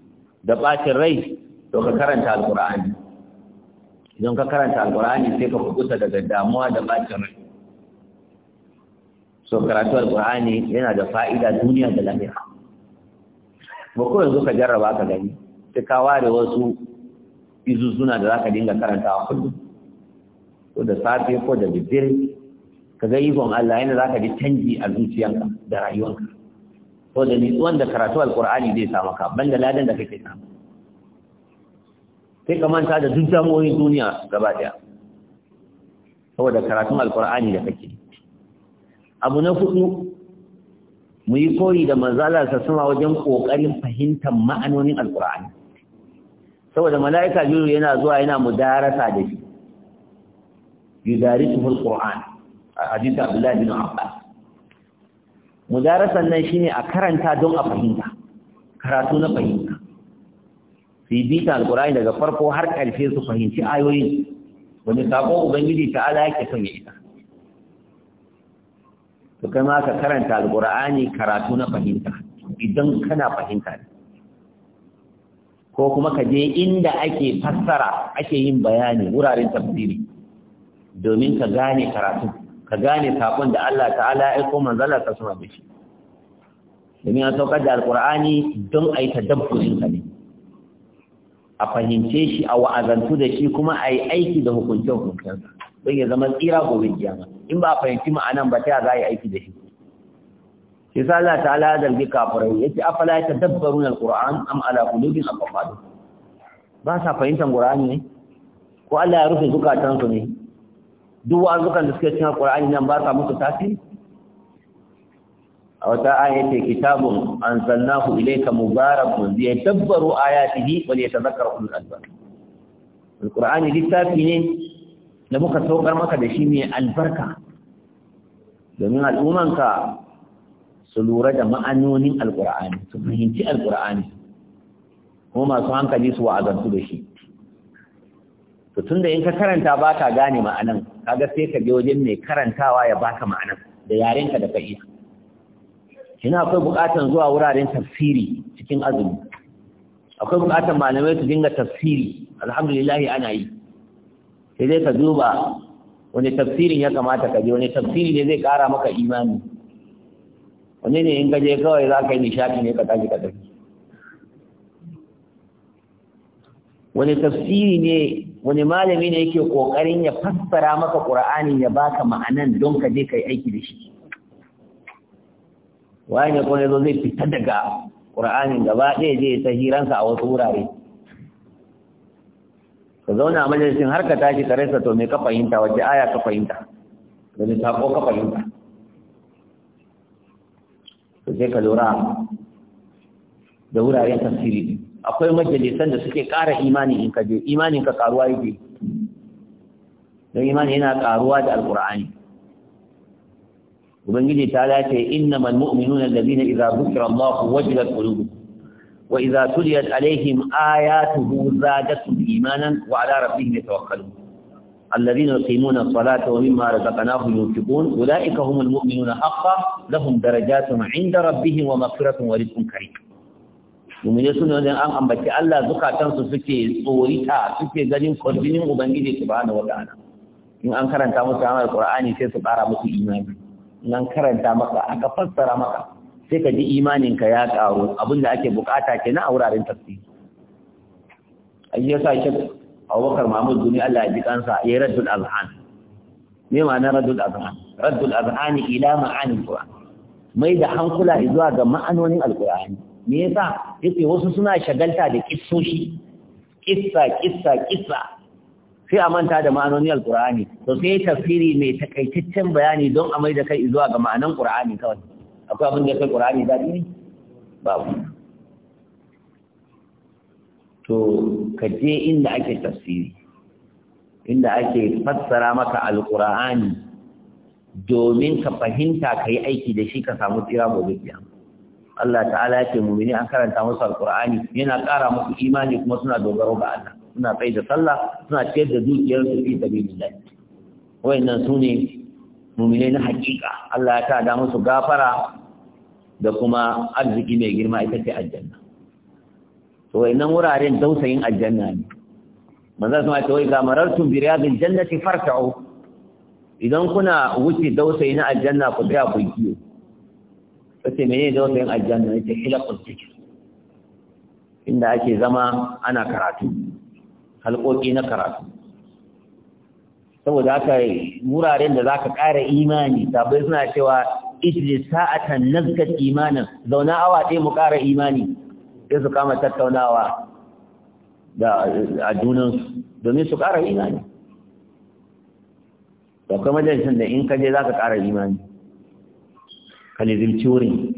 da bacin rai to ka karanta alqur'ani idan ka karanta alqur'ani sai ka kubuta daga damuwa da bacin rai so karatu alqur'ani yana da fa'ida duniya da lahira ba ko yanzu ka jarraba ka gani sai ka ware wasu izuzuna da zaka dinga karantawa kullum ko da safe ko da dare ka ga ikon Allah yana zaka ji canji a zuciyarka da rayuwarka ko da ni wanda karatu alqur'ani zai sa maka banda ladan da kake samu sai ka manta da duk wani duniya gaba daya saboda karatun alqur'ani da kake abu na kudu mu yi koyi da manzala sa sama wajen kokarin fahimtar ma'anonin alqur'ani saboda mala'ika jiru yana zuwa yana mudarasa da shi yudarisu alqur'an hadisi abdullahi bin abbas mudarasan nan shine a karanta don a fahimta karatu na fahimta su yi bita alkurani daga farko har ƙarfe su fahimci ayoyin wani sako ubangiji ta ala yake son ya ita to kai ma ka karanta alqur'ani karatu na fahimta idan kana fahimta ko kuma ka je inda ake fassara ake yin bayani wuraren tafsiri domin ka gane karatu ka gane sakon da Allah ta'ala ya aiko manzala ta sama bishi domin a saukar da alqur'ani don a yi tadabburin ka ne a fahimce shi a wa'azantu da shi kuma a yi aiki da hukunce-hukuncensa sai ya zama tsira gobe kiyama in ba a fahimci ma'anan ba ta za a yi aiki da shi shi sa Allah ala zargi kafirai yace afala yatadabbaruna alquran am ala qulubin aqfal ba sa fahimtar qur'ani ne ko Allah ya rufe zukatan su ne duk zukan da suke cikin qur'ani nan ba sa musu tasiri a wata ayati kitabun anzalnahu ilayka ilaika mubarakun zai tabbaru ayatihi wal yatadhakkaru ulul albab alqur'ani littafi ne da muka saukar maka da shi mai albarka domin al'ummanka su lura da ma'anonin alkur'ani su fahimci alkur'ani kuma masu hankali su wa'azantu da shi to tunda in ka karanta ba ka gane ma'anan kaga sai ka je wajen mai karantawa ya baka ma'anan da yarenka da ka ina akwai bukatan zuwa wuraren tafsiri cikin azumi akwai bukatan malamai su dinga tafsiri alhamdulillah ana yi sai dai ka duba wani tafsirin ya kamata ka je wani tafsiri ne zai kara maka imani wani ne in ka je kawai za ka yi nishaɗi ne ka tashi ka tafi wani tafsiri ne wani malami ne yake kokarin ya fassara maka qur'ani ya baka ma'anan don ka je kai aiki da shi wani ne kone zo zai fita daga qur'anin gaba ɗaya je ta hiransa a wasu wurare ka zauna a majalisin har ka tashi ka rasa to me ka fahimta wace aya ka fahimta wani sako ka fahimta to sai ka lura da wuraren tafsiri akwai majalisan da suke ƙara imani in ka je imanin ka karuwa yake don imani yana karuwa da alkur'ani ubangiji ta lace innamal mu'minuna alladhina idza dhukira allahu wajilat qulubuhum wa idza tuliyat alaihim ayatuhu zadatuhum imanan wa ala rabbihim yatawakkalun alladhina yuqimuna as-salata wa mimma razaqnahum yunfiqun ulaika humul mu'minuna haqqan lahum darajatun 'inda rabbihim wa maghfiratun wa rizqun karim mummune suna wajen an ambaci Allah zukatansu suke tsorita suke ganin kwarjinin Ubangiji subhanahu wa ta'ala in an karanta musu amal Qur'ani sai su ƙara musu imani in an karanta maka aka fassara maka sai ka ji imaninka ya karu abinda ake bukata ke na a wuraren tafsiri a yi yasa shi abubakar mahmud duni allah ya ji kansa ya yi raddul azhan me ma'anar raddul azhan raddul azhan ila ma'anin qur'an mai da hankula zuwa ga ma'anonin alqur'ani me yasa yace wasu suna shagalta da kissoshi kissa kissa kissa sai a manta da ma'anonin alqur'ani to sai tafsiri mai takaitaccen bayani don a mai da kai zuwa ga ma'anan qur'ani kawai akwai abin da ya kai ƙur'ani daɗi ne babu to ka je inda ake tafsiri inda ake fassara maka alƙur'ani domin ka fahimta ka yi aiki da shi ka samu tsira gobe kiyama Allah ta'ala ya ce mumini an karanta musu alƙur'ani yana ƙara musu imani kuma suna dogaro ga Allah suna tsaye da sallah suna ciyar da dukiyar su fi sabilillah wayannan su ne na haƙiƙa Allah ya da musu gafara da kuma arziki mai girma ita ce aljanna to wayannan wuraren dausayin aljanna ne manzo sai ta wai ga marartum bi riyadil jannati farta'u idan kuna wuce dausayi na aljanna ku tsaya ku kiyo me ne dausayin aljanna ne ce zikr inda ake zama ana karatu halƙoƙi na karatu saboda haka wuraren da zaka ƙara imani tabbai suna cewa ijlis sa'atan nazkat imanan zauna awa ɗaya mu ƙara imani sai su kama tattaunawa da a domin su ƙara imani da kuma majalisar da in kaje za ka ƙara imani ka nizilci wurin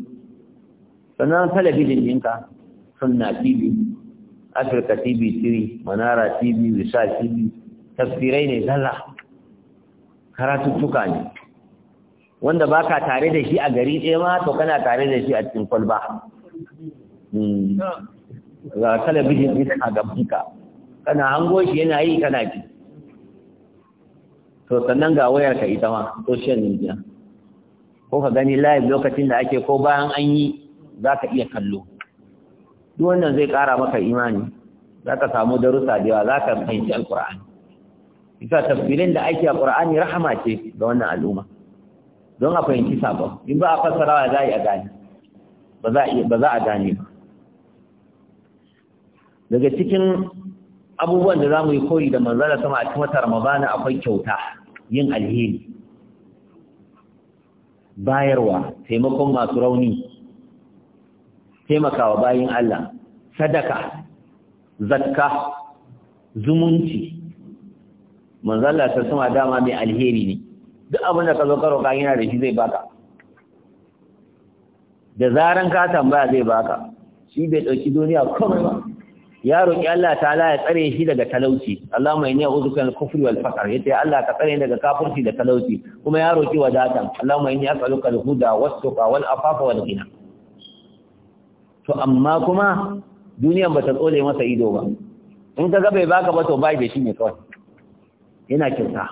sannan talabijin ɗinka sunna tv afirka tv 3 manara tv wisa tv tafsirai ne zalla karatuttuka ne wanda baka tare da shi a gari ɗaya ma to kana tare da shi a cikin kwalba hmm. ga talabijin ɗin a gabanka kana hango shi yana yi kana ci to sannan ga wayarka ita ma social media ko ka gani live lokacin da ake ko bayan an yi za ka iya kallo duk wannan zai ƙara maka imani za ka samu darussa da yawa za ka fahimci alƙur'ani isa tafsirin da ake a ƙur'ani rahama ce ga wannan al'umma don a fahimci sabon in ba a fassarawa za a yi a gane ba za a gani ba daga cikin abubuwan da za mu yi koyi da manzana sama a cikin tarma ramadana akwai kyauta yin alheri bayarwa taimakon masu rauni taimakawa bayan Allah sadaka zakka zumunci manzala ta sama dama mai alheri ne duk abin da ka zo karo ka yana da shi zai baka da zaran ka tambaya zai baka shi bai ɗauki duniya komai ba ya roƙi Allah ta'ala ya tsare shi daga talauci Allah mai ne uzu kan kufri wal fakar yace Allah ka tsare daga kafirci da talauci kuma ya roƙi wadatan Allah mai ne asaluka al huda was tuqa wal afafa wal ghina to amma kuma duniyan bata tsole masa ido ba in kaga ga bai baka ba to bai da shi ne kawai yana kyauta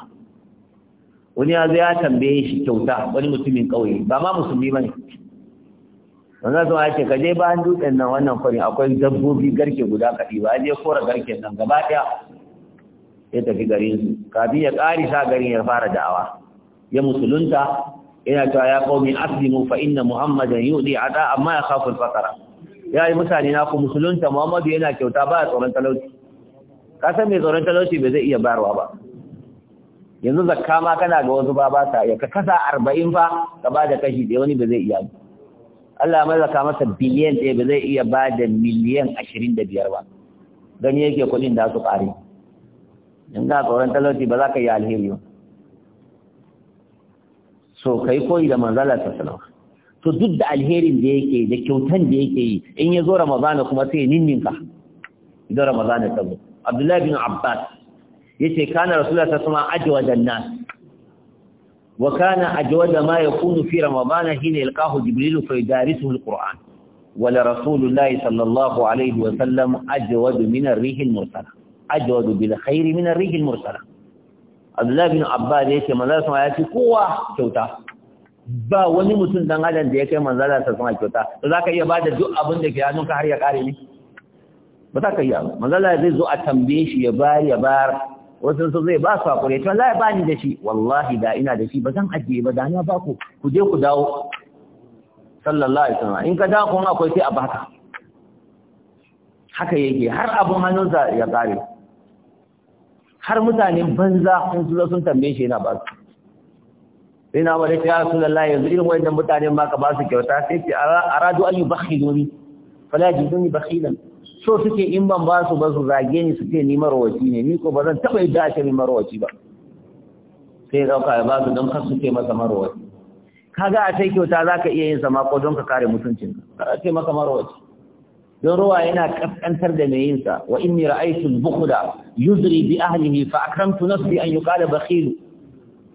wani ya zai ya tambaye shi kyauta wani mutumin ƙauye ba ma musulmi ba ne wanda zuwa ya ce ka je bayan dutsen nan wannan kwarin akwai dabbobi garke guda kaɗi ba je kora garke nan gaba ɗaya ya tafi garin su kafin ya ƙari sa garin ya fara da'awa ya musulunta yana cewa ya qaumi aslimu fa inna muhammadan yu'di ada amma ya khafu fakara ya yi mutane na ku musulunta muhammadu yana kyauta ba ya tsoron talauci ka san mai tsoron talauci bai zai iya bayarwa ba yanzu zakka ma kana ga wasu ba ba sa ya ka kasa arba'in fa ka ba da kashi ɗaya wani ba zai iya ba Allah mai zaka masa biliyan ɗaya ba zai iya ba da miliyan ashirin da biyar ba gani yake kuɗin da su ƙare In ga tsoron talauci ba za ka yi alheri ba so kai koyi da manzala ta sanar. to duk da alherin da yake da kyautan da yake yi in ya zo ramazana kuma sai ninninka idan ramazana ta zo abdullahi bin abbas yace kana rasulullahi sallallahu alaihi wasallam ajwadan nas wa kana ajwada ma yakunu fi ramadan hina yalqahu jibril fa yudarisuhu alquran wa la rasulullahi sallallahu alaihi wasallam ajwadu min ar-rih al-mursala ajwadu bil khair min ar-rih al-mursala Abdullah bin Abbas yace manzo sama ya ce kowa kyauta ba wani mutum dan adam da ya kai manzo Allah sama kyauta to zaka iya bada duk abin da ke ka har ya kare ni? ba za ka yi abu manzala zai zo a tambaye shi ya bayar ya bayar wasu sun zai ba su hakuri tun lai ba ni da shi wallahi da ina da shi ba zan ajiye ba da na ba ku ku je ku dawo sallallahu alaihi wasallam in ka dawo kuma akwai sai a baka haka yake har abun hannunsa ya kare har mutane banza sun zo sun tambaye shi yana ba su sai na wadda ta yasu yanzu irin wayannan mutane ma ka ba su kyauta sai ce aradu an yi bakhilu ni fala jiduni bakhilan so suke in ban ba su ba su zage ni suke ni marwaci ne ni ko ba zan taɓa yi dace ni marwaci ba sai ɗauka ya ba su don kan suke masa marwaci kaga a sai kyauta za ka iya yin sama ko don ka kare mutuncin ka ce maka marwaci don ruwa yana kaskantar da mai sa wa inni ra'aytul bukhda yuzri bi ahlihi fa akramtu nafsi an yuqala bakhil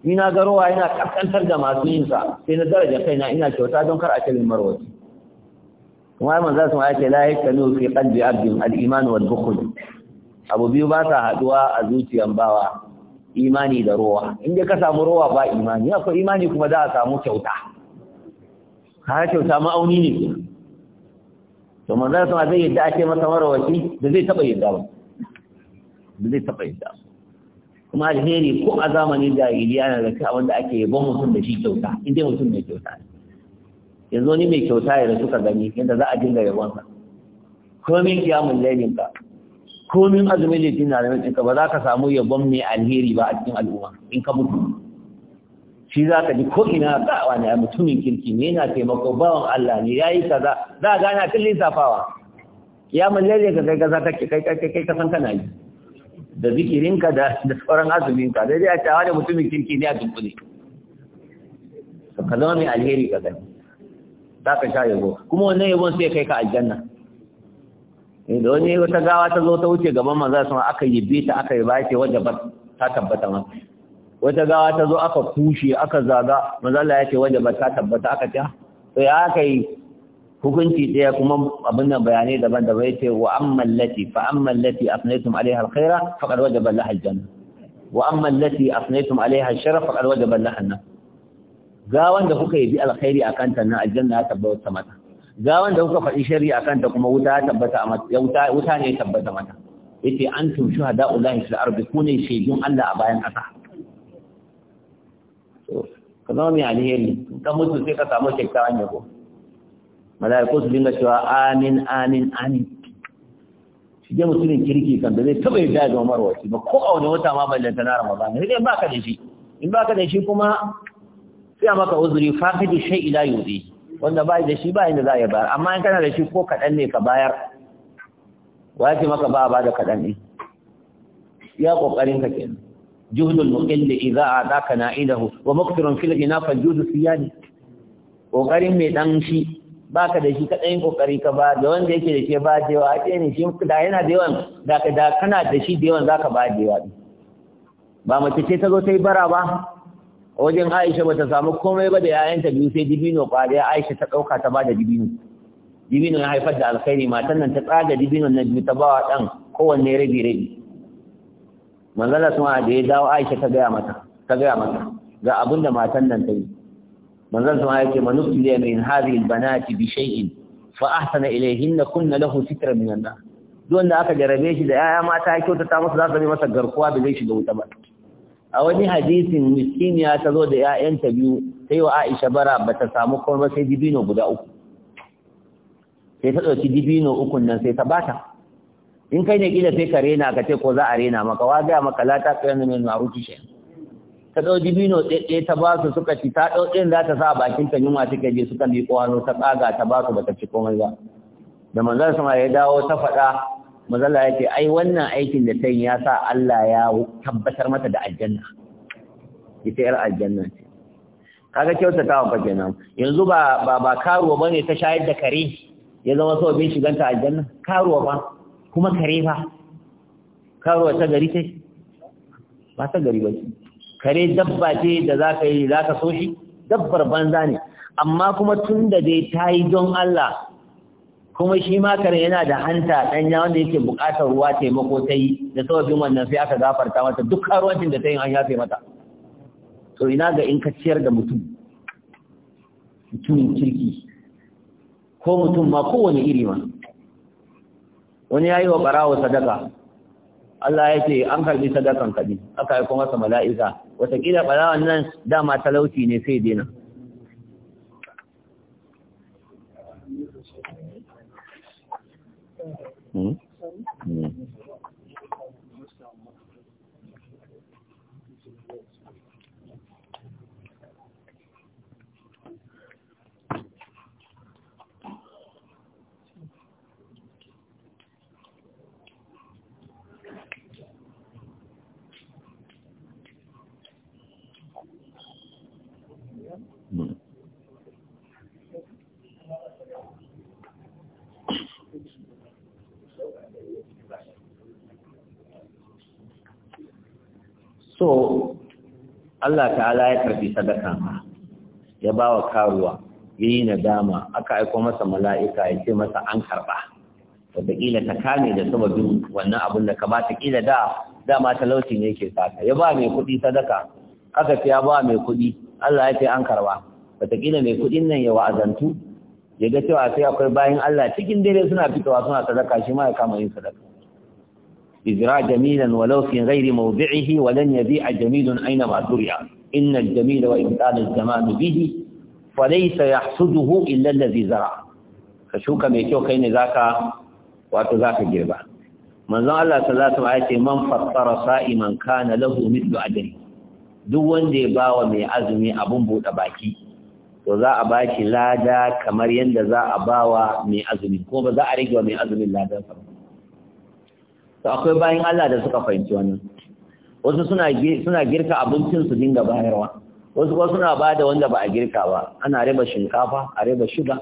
ina na ga ruwa yana kaskantar da masu sa sai na daraja kaina ina kyauta don kar a ce marwaci kuma ai manzo sun ake la yakunu fi qalbi abdin al-iman wal bukhl abu biyu ba sa haduwa a zuciyan bawa imani da In inda ka samu ruwa ba imani akwai imani kuma za a samu kyauta ka kyauta ma'auni ne to manzo sun zai yadda ake masa marawaci da zai taba yadda ba da zai taɓa yadda kuma alheri ko a zamanin jahiliya na zaka wanda ake yabon mutum da shi kyauta inda mutum mai kyauta ne yanzu wani mai kyauta ya rasu ka gani yadda za a dinga yabonsa komin kiyamun lailinka komin azumin litin na zama ɗinka ba za ka samu yabon mai alheri ba a cikin al'umma in ka mutu shi za ka ji ko'ina ka'awa ne a mutumin kirki ne yana taimako bawan Allah ne ya yi kaza za a gana kan lissafawa ya mallele ka kai kaza kai kasan kana yi da zikirinka da sauran azuminka dai a cewa da mutumin kirki ne a dunkule ka zama mai alheri ka gani za ka sha yabo kuma wannan yabon sai kai ka aljanna eh, da wani wata gawa ta zo ta wuce gaban maza sun aka yi bita aka yi bace wadda ba ta tabbata ma wata gawa ta zo aka kushe aka zaga maza Allah ya ce wadda ba ta tabbata aka ta ah. to ya aka yi hukunci ɗaya kuma abin nan bayanai daban-daban yace wa amman lati fa amman lati afnaytum alaiha alkhaira faqad wajaba laha janna. wa amman lati afnaytum alaiha alshara faqad wajaba laha an-nar gawan da kuka yi bi alkhairi a kanta nan aljanna ya tabbata mata gawan da kuka faɗi shari a kanta kuma wuta ya tabbata mata ya wuta wuta ne ya tabbata mata yace antum ulahi fil ardi ku ne shaidun Allah a bayan ƙasa to ka zama mai alheri ka mutu sai ka samu kyakkyawan yabo mala'iku su dinga cewa amin amin amin shi dai mutumin kirki kan da zai taba yadda ga marwaci ba ko a wani wata ma ballanta na Ramadan sai dai ba ka da shi in ba ka da shi kuma sai a maka uzuri fakadi shay ila yudi wanda bai da shi ba inda za ya bayar amma in kana da shi ko kadan ne ka bayar wace maka ba ba da kadan ne ya kokarin ka kenan juhdul muqill idza ataka na'idahu wa muqtirun fil ghina fa juhdu siyani kokarin mai dan shi baka da shi kadan kokari ka ba da wanda yake da shi ba da yawa? ake ne shi da yana da yawan da kana da shi da yawan zaka ba da yawa? ba mace ce ta zo ta yi bara ba wajen Aisha bata samu komai ba da yayanta biyu sai dibino kwariya Aisha ta dauka ta bada dibino dibino ya haifar da alkhairi matan nan ta tsaga dibino na biyu ta bawa dan kowanne rabi rabi manzala sun da ya dawo Aisha ta gaya mata ta gaya mata ga abin da matan nan ta yi manzala sun ya ce manufiliya min hadhihi albanati bi shay'in fa ahsana na kunna lahu sitra min an-nar duk wanda aka jarabe shi da yaya mata ya kyautata masa za su zama masa garkuwa da zai shiga wuta ba a wani hadisin miskiniya ta zo da 'ya'yanta biyu sai wa Aisha bara ba ta samu komai sai dibino guda uku sai ta ɗauki dibino ukun nan sai ta bata in kai ne kila sai ka rena ka ce ko za a rena maka wa ga maka la ta kayan mai ma'rufi shi ta ɗau dibino ɗaiɗai ta ba su suka ci ta ɗau ɗin za ta sa bakin ta yunwa suka je suka miƙo hannu ta tsaga ta ba su ta ci komai ba da manzon sama ya dawo ta faɗa Mazalla ya ce ai wannan aikin da ta yi ya sa Allah ya tabbatar mata da aljanna ita yar aljanna ce kaga kyautatawa fa kenan yanzu ba ba ba karuwa bane ta shayar da kare ya zama so bin shiganta aljanna karuwa ba kuma kare ba, karuwa ta gari ce ba ta gari ba ce kare dabba ce da za ka yi za ka so shi dabbar banza ne amma kuma tun da dai ta yi don Allah kuma shi ma kare yana da hanta danya wanda yake buƙatar ruwa taimako ta yi da sababin wannan sai aka gafarta mata duk karuwancin da ta yi an yafe mata to ina ga in ka ciyar da mutum mutumin kirki ko mutum ma kowane iri ma wani ya yi wa barawo sadaka Allah ya ce an karɓi sadakan kaɗi aka yi kuma sa mala'ika wataƙila ɓarawon nan dama talauci ne sai dena Hmm. so Allah ta'ala ya karbi sadaka ya ba wa karuwa ya yi nadama aka aiko masa mala'ika ya ce masa an karɓa wataƙila ta kame da sababin wannan abin da ka ba ta ƙila da dama talaucin yake sata ya ba mai kuɗi sadaka aka ce ya ba mai kuɗi Allah ya ce an karɓa wataƙila mai kuɗin nan ya wa'azantu ya ga cewa sai akwai bayan Allah cikin dare suna fitowa suna sadaka shi ma ya kama yin sadaka إذراء جميلا ولو في غير موضعه ولن يبيع جميل أينما زرع إن الجميل وإبطال الزمان به فليس يحسده إلا الذي زرع فشوك ميكيو كين ذاك واتو ذاك جربا من ذا الله صلى الله عليه وسلم من فطر صائما كان له مثل أجري duk wanda ya ba wa mai azumi abin buɗe baki to za a ba shi lada kamar yadda za a ba wa mai azumi ko ba za a rage wa mai azumin ladansa ba to akwai bayan Allah da suka fahimci wannan wasu suna suna girka abincin su dinga bayarwa wasu kuma suna da wanda ba a girka ba ana riba shinkafa a riba shuga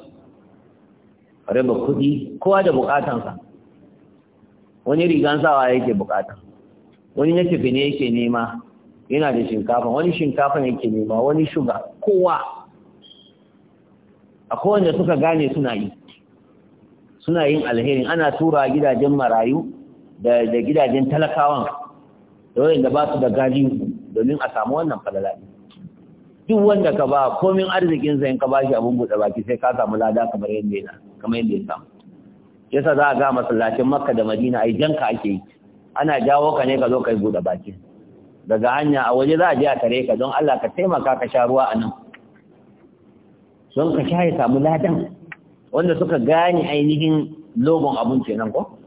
a riba kuɗi kowa da bukatansa wani rigan sawa yake bukata wani na tafi ne yake nema yana da shinkafa wani shinkafa yake nema wani shuga kowa akwai wanda suka gane suna yi suna yin alherin ana tura gidajen marayu da gidajen talakawan da wanda ba su da galihu domin a samu wannan falala duk wanda ka ba komin arzikin zai ka ba shi abun buɗe baki sai ka samu lada kamar yadda yana kamar yadda ya samu yasa za a ga masallacin Makka da Madina ai janka ake yi ana jawo ka ne ka zo kai buɗe baki daga hanya a waje za a je a tare ka don Allah ka taimaka ka sha ruwa a nan don ka sha ya samu ladan wanda suka gane ainihin logon abun kenan ko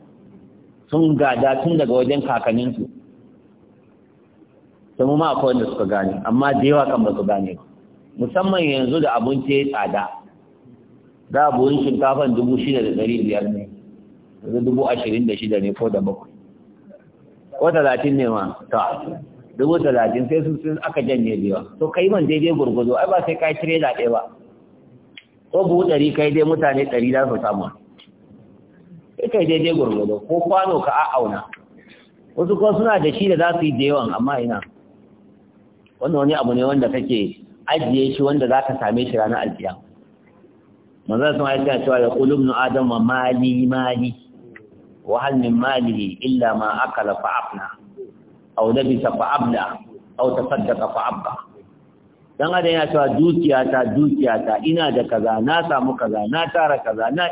sun gada tun daga wajen kakanninsu sai mu ma akwai wanda suka gane amma da yawa kan ba su gane ba musamman yanzu da abinci ya tsada Za a buhun shinkafan dubu shida da ɗari biyar ne yanzu dubu ashirin da shida ne ko da bakwai ko talatin ne ma ta dubu talatin sai su sun aka janye da yawa to kai man daidai gurgudu ai ba sai kai tirela ɗaya ba ko buhu ɗari kai dai mutane ɗari za su samu suka yi daidai gwargwado ko kwano ka a'auna wasu kuma suna da shi da za su yi da yawan amma ina wannan wani abu ne wanda kake ajiye shi wanda za ka same shi ranar alkiya manzan sun a cewa da na adam wa mali mali wa halmin mali illa ma akala fa'afna aw labisa fa'abla aw tasaddaqa abba dan adam yana cewa dukiya ta dukiya ta ina da kaza na samu kaza na tara kaza na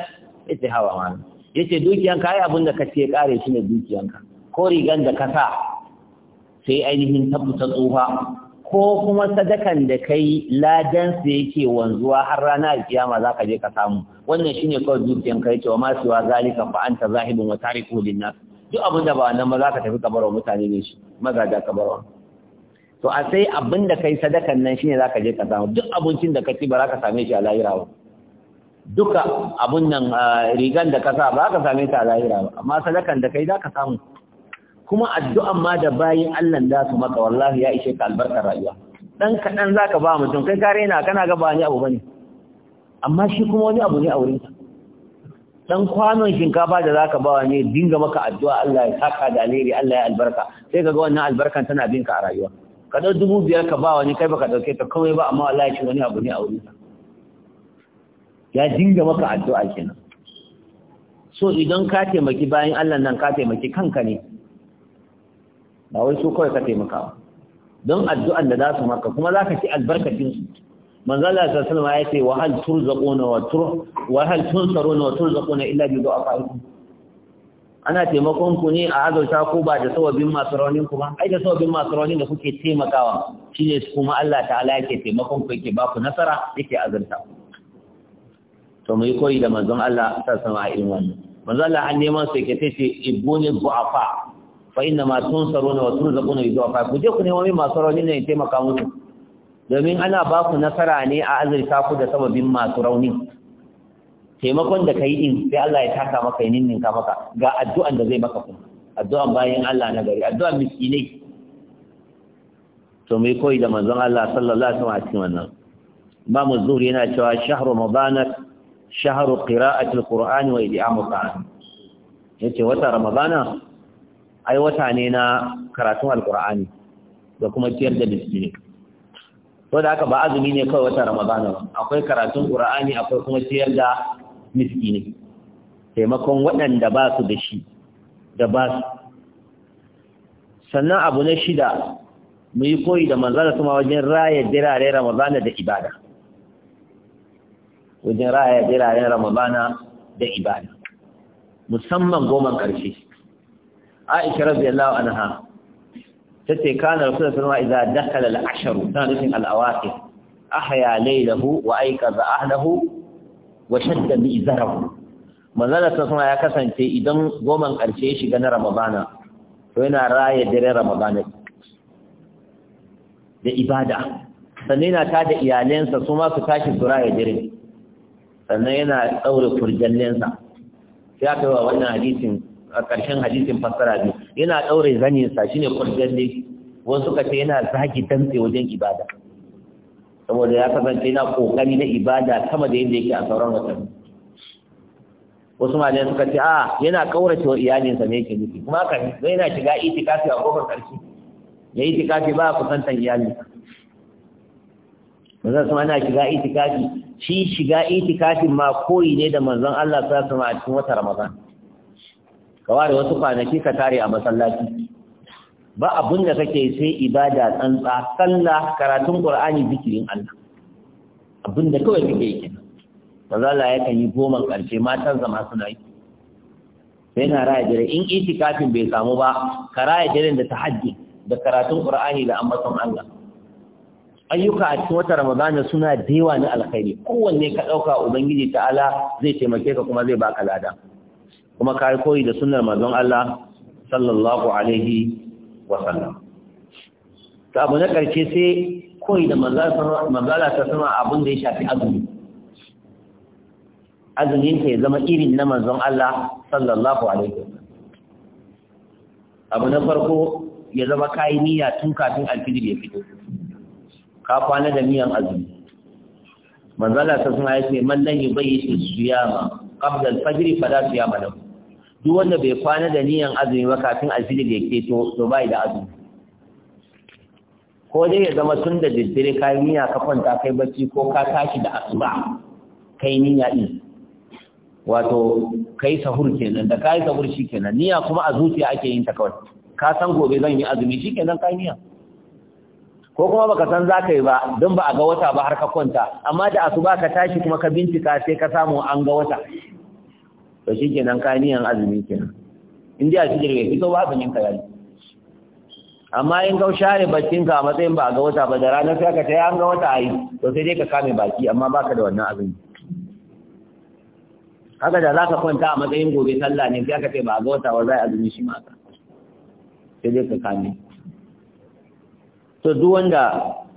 ita hawa mana yace dukiyanka ai abin da ka ce kare shi ne dukiyanka ko rigan da ka sa sai ainihin tabbata tsufa ko kuma sadakan da kai ladan su yake wanzuwa har rana kiyama za ka je ka samu wannan shine kawai dukiyanka yace wa ma zalika fa anta zahibun wa tariku linnas duk abinda ba nan ba za ka tafi kabarwa mutane ne shi da kabarwa to a sai abinda kai sadakan nan shine za ka je ka samu duk abincin da ka ba za ka same shi a lahira ba duka abun nan rigan da ka sa ba ka same ta lahira ba amma sadakan da kai za ka samu kuma addu'an ma da bayin Allah da su maka wallahi ya ishe ka albarkar rayuwa dan kadan ka ba mutum kai ka rena kana ga ba ni abu bane amma shi kuma wani abu ne a wurin dan kwanon shinkafa da za ka ba wani dinga maka addu'a Allah ya saka da alheri Allah ya albarka sai kaga wannan albarkan tana bin ka a rayuwa ka dau dubu biyar ka ba wani kai baka dauke ta kawai ba amma wallahi shi wani abu ne a wurin ya dinga maka addu'a kenan so idan ka taimaki bayan Allah nan ka taimaki kanka ne ba wai su kawai ka taimakawa don addu'an da za su maka kuma za ka ci albarkacinsu sallallahu alaihi wasallam ya ce wa hal turzaquna wa tur wa hal tunsaruna wa turzaquna illa bi du'afaikum ana taimakon ku ne a azauta ko ba da sawabin masu raunin ku ba ai da sawabin masu raunin da kuke taimakawa shine kuma Allah ta'ala yake taimakon ku yake ba ku nasara yake azurta ku to mu yi koyi da manzon Allah ta sama a irin wannan manzon Allah an neman su ke tace ibuni bu'afa fa inna ma tunsaruna wa turzaquna bi du'afa ku je ku nemo min masu rauni ne taimaka muku domin ana ba ku nasara ne a azurta ku da sababin masu rauni taimakon da kai din sai Allah ya taka maka yin ka maka ga addu'an da zai maka ku. addu'an bayin Allah na gari addu'an miskinai to mai koyi da manzon Allah sallallahu alaihi wasallam ba mu zuri yana cewa shahru mabanat shaharu qira'atul qur'ani wa idi'amul qur'an yace wata ramadana ai wata ne na karatun alqur'ani da kuma ciyar da miskini to da haka ba azumi ne kawai wata ramadana akwai karatun qur'ani akwai kuma ciyar da miskini taimakon waɗanda ba su da shi da ba su sannan abu na shida mu yi koyi da manzara kuma wajen raya dirare ramadana da ibada wajen raya birayen ramadana da ibada musamman goma ƙarshe aisha radiyallahu anha tace kana rasulullahi sallallahu alaihi wasallam idza dakala al-ashr tana nufin al-awaqif ahya laylahu wa za ahlahu wa shadda bi zarahu manzala sallallahu ya kasance idan goma ƙarshe ya shiga na ramadana to yana raya dare ramadana da ibada sannan yana tada iyalensa su ma su tashi su raya dare sannan yana ɗaure furjallinsa sai aka yi wa wannan hadisin a ƙarshen hadisin fassara biyu yana ɗaure zaninsa shi ne furjalle wasu suka ce yana zagi dantse wajen ibada saboda ya kasance yana ƙoƙari na ibada sama da yadda yake a sauran watan wasu malamai suka ce a ah, yana ƙaurace wa iyalinsa ne yake nufi kuma haka ne yana shiga itikafi a kofar ƙarshe ya itikafi ba a kusantan iyalinsa manzon sama ana shiga itikafi shi shiga itikafi ma koyi ne da manzon Allah sallallahu alaihi a cikin wata Ramadan ka ware wasu kwanaki ka tare a masallaci ba abun da kake sai ibada tsantsa sallah karatun qur'ani zikirin Allah abun da kawai kake yi kenan manzon Allah yakan yi goma karshe matan zama suna yi sai na raya dare in itikafin bai samu ba ka raya da tahajji da karatun qur'ani da ambaton Allah ayyuka a cikin wata ramadana suna dewa na alkhairi kowanne ka ɗauka ubangiji ta'ala zai taimake ka kuma zai baka lada kuma ka yi koyi da sunnar manzon Allah sallallahu alaihi wa sallam ta abu na ƙarshe sai koyi da manzala ta sama abin da ya shafi azumi azumin ka ya zama irin na manzon Allah sallallahu alaihi wa sallam abu na farko ya zama kayi niyya tun kafin alfijir ya fito ka kwana da niyan azumi manzala ta suna yake mallan yi bai yi siyama qabla al-fajr fa la siyama lahu duk wanda bai kwana da niyan azumi ba kafin alfijir da ke to to bai da azumi ko dai ya zama tun da daddare ka yi niyya ka kwanta kai bacci ko ka tashi da asuba kai niyya din wato kai sahur kenan da kai sahur shikenan niyya kuma a zuciya ake yin ta kawai ka san gobe zan yi azumi shikenan kai niyya ko kuma baka san za ka yi ba don ba a ga wata ba har ka kwanta amma da asuba ka tashi kuma ka bincika sai ka samu an ga wata to shi kenan ka niyan azumi kenan in dai a cikin bai fito ba azumin ka yayi amma in ka share baccinka a matsayin ba a ga wata ba da ranar sai ka ta an ga wata ayi to sai dai ka kame baki amma baka da wannan azumi haka da za ka kwanta a matsayin gobe sallah ne sai ka ce ba a ga wata ba za a azumi shi ma ka sai dai ka kame to duk wanda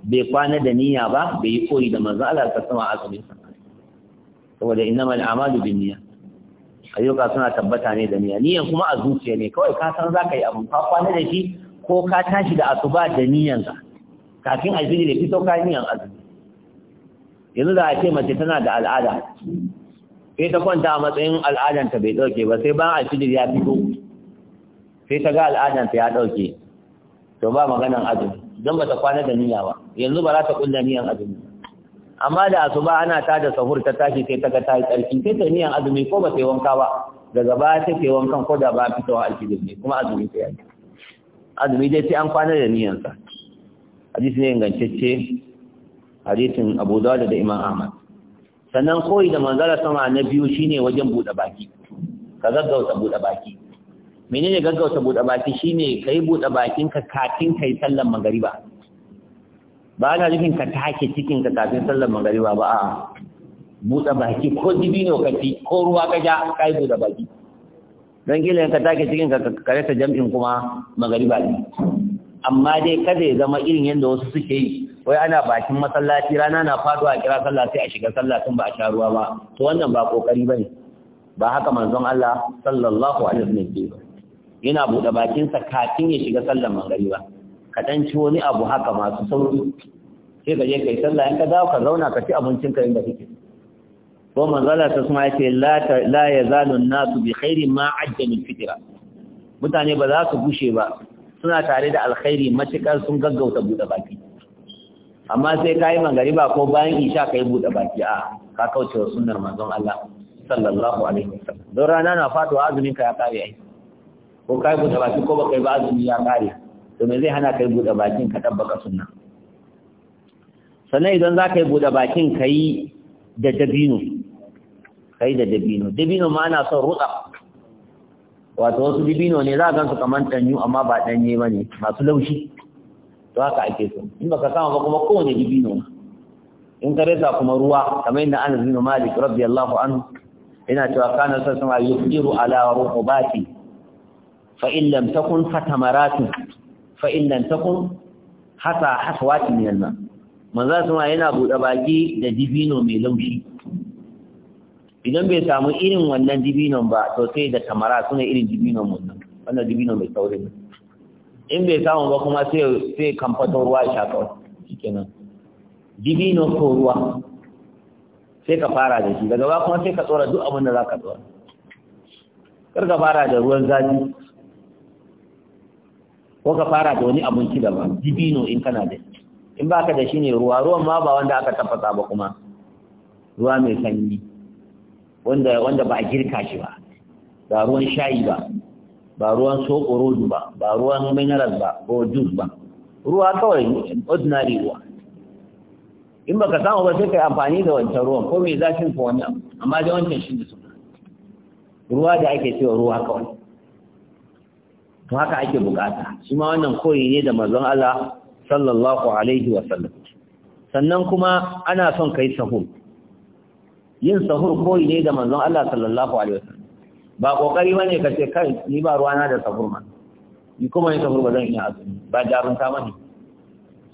bai kwana da niyya ba bai yi koyi da manzo Allah ta sama azumin sa saboda innamal a'malu binniyya ayyuka suna tabbata ne da niyya niyyan kuma a zuciya ne kawai ka san zaka yi abu ka kwana da shi ko ka tashi da asuba da niyyan ka kafin alfiji da fito ka niyyan azumi yanzu da a ce mace tana da al'ada sai ta kwanta a matsayin al'adanta bai dauke ba sai bayan alfijir ya fito sai ta ga al'adanta ya dauke to ba maganan azumi don ba ta kwana da niyya ba yanzu ba za ta kulla niyan azumi amma da asuba ana ta da sahur ta tashi sai ta ga ta yi tsarki sai ta niyan azumi ko ba ta yi wanka ba daga baya ta ke wankan ko da ba a fitowa alfijir ne kuma azumi ta yi azumi dai sai an kwana da niyansa hadisi ne ingantacce hadisin Abu Dawud da Imam Ahmad sannan koyi da manzara sama na biyu shine wajen buɗe baki ka gaggauta buɗe baki menene gaggauta buɗe baki shine kai buɗe bakin ka kafin kai sallar magariba ba na nufin ka take cikin ka kafin sallar magariba ba a buɗe baki ko dibino ka ci ko ruwa ka ja kai buɗe baki don kila ka take cikin ka kare ta jam'in kuma magariba ne amma dai kada ya zama irin yadda wasu suke yi wai ana bakin masallaci rana na faduwa a kira sallah sai a shiga sallah tun ba a sha ruwa ba to wannan ba kokari bane ba haka manzon Allah sallallahu alaihi wasallam ke ba yana buɗe bakinsa kafin ya shiga sallar magariba ka ɗan ci wani abu haka masu sauri sai ka je ka sallah in ka dawo ka zauna ka ci abincin ka inda kake ko manzala ta suma ya ce la ya zalu nasu bi khairi ma ajjalul fitira mutane ba za su gushe ba suna tare da alkhairi matuƙar sun gaggauta buɗe baki amma sai ka yi magariba ko bayan isha ka yi buɗe baki a ka kauce sunnar manzon Allah sallallahu alaihi wasallam don rana na faɗuwa azumin ka ya kare aiki ko ka buɗe baki ko bakai yi ba azumi ya kare to me zai hana kai buɗe bakin ka tabbaka sunna sannan idan za yi buɗe bakin ka yi da dabino kai da dabino dabino ma ana son rutsa wato wasu dabino ne za a gansu kaman ɗanyu amma ba ɗanye ba ne masu laushi to haka ake so in baka sama ba kuma kowane dabino in ka rasa kuma ruwa kamar yadda an bin Malik radiyallahu anhu yana cewa kana sallallahu alaihi yuqiru ala rukubati fa'in لم تكن فتمرات فإن لم تكن حتى haswatin من الماء من yana buɗe baki da dibino mai laushi idan bai samu irin wannan با ba to sai da tamara suna irin dibinon wannan wannan dibino mai saurin in bai samu ba kuma sai kamfatar ruwa sai ka fara da shi daga ba kuma sai ka tsora duk abin da za ka tsora kar ka fara da ruwan zafi ko ka fara da wani abinci daban dibino in kana da in baka da shi ne ruwa ruwan ma ba wanda aka tafasa ba kuma ruwa mai sanyi wanda wanda ba a girka shi ba ba ruwan shayi ba ba ruwan soko ba ba ruwan minerals ba ko juice ba ruwa kawai ordinary ruwa in baka samu ba sai kai amfani da wancan ruwan ko mai zafin ko wani abu amma da wancan shi ne suna ruwa da ake cewa ruwa kawai to haka ake bukata shi ma wannan koyi ne da manzon Allah sallallahu alaihi wa sallam sannan kuma ana son kai sahur yin sahur koyi ne da manzon Allah sallallahu alaihi wa sallam ba kokari bane ka ce kai ni ba ruwana da sahur ma ni kuma yin sahur ba zan iya azumi ba ta bane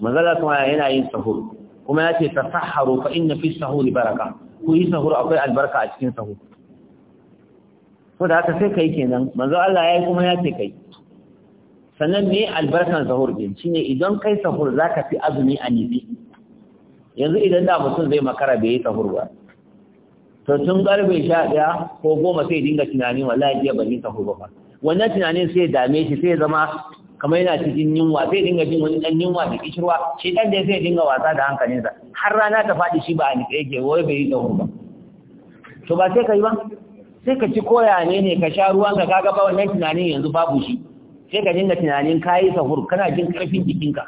manzon Allah kuma yana yin sahur kuma ya ce tasahharu fa inna fi sahuri baraka ku yi sahur akwai albarka a cikin sahur ko da haka sai kai kenan manzon Allah yayi kuma yace kai sannan ne albarkan sahur din ne idan kai sahur ka fi azumi a nifi yanzu idan da mutum zai makara bai yi sahur ba to tun garbe sha ɗaya ko goma sai dinga tunani wallahi jiya ban yi sahur ba fa wannan tunanin sai dame shi sai zama kamar yana cikin yunwa sai dinga jin wani dan yunwa da kishirwa shi dan da sai dinga wasa da hankalinsa har rana ta faɗi shi ba a nitsa yake wai bai yi sahur ba to ba sai ka yi ba sai ka ci koya ne ne ka sha ruwan ka kaga ba wannan tunanin yanzu babu shi sai ka dinga tunanin kayi sahur kana jin karfin jikinka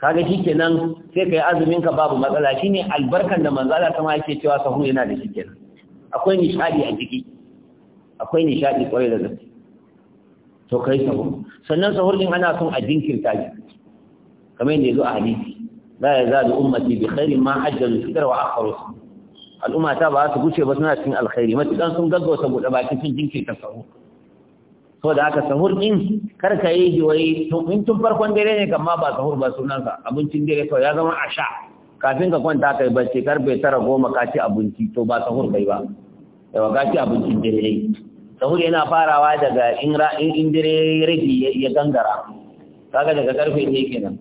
kaga shikenan sai kai azumin ka babu matsala shine albarkan da manzo Allah kuma yake cewa sahur yana da shikenan akwai nishadi a jiki akwai nishadi kwarai da gaske to kai sahur sannan sahur din ana son a jinkirta shi kamar yanda yazo a hadisi la yazadu ummati bi khairin ma ajjalu fitr wa akharu al'umma ta ba su guce ba suna cikin alkhairi matukan sun gaggauta bude baki sun jinkirta sahur so da aka sahur din kar ka yi jiwayi to in tun farkon dare ne kamma ba sahur ba sunansa abincin dare kawai ya zama asha kafin ka kwanta kai bacci karfe tara goma ka ci abinci to ba sahur kai ba yawa ka ci abincin dare ne sahur yana farawa daga in in dare rage ya gangara kaga daga karfe ne kenan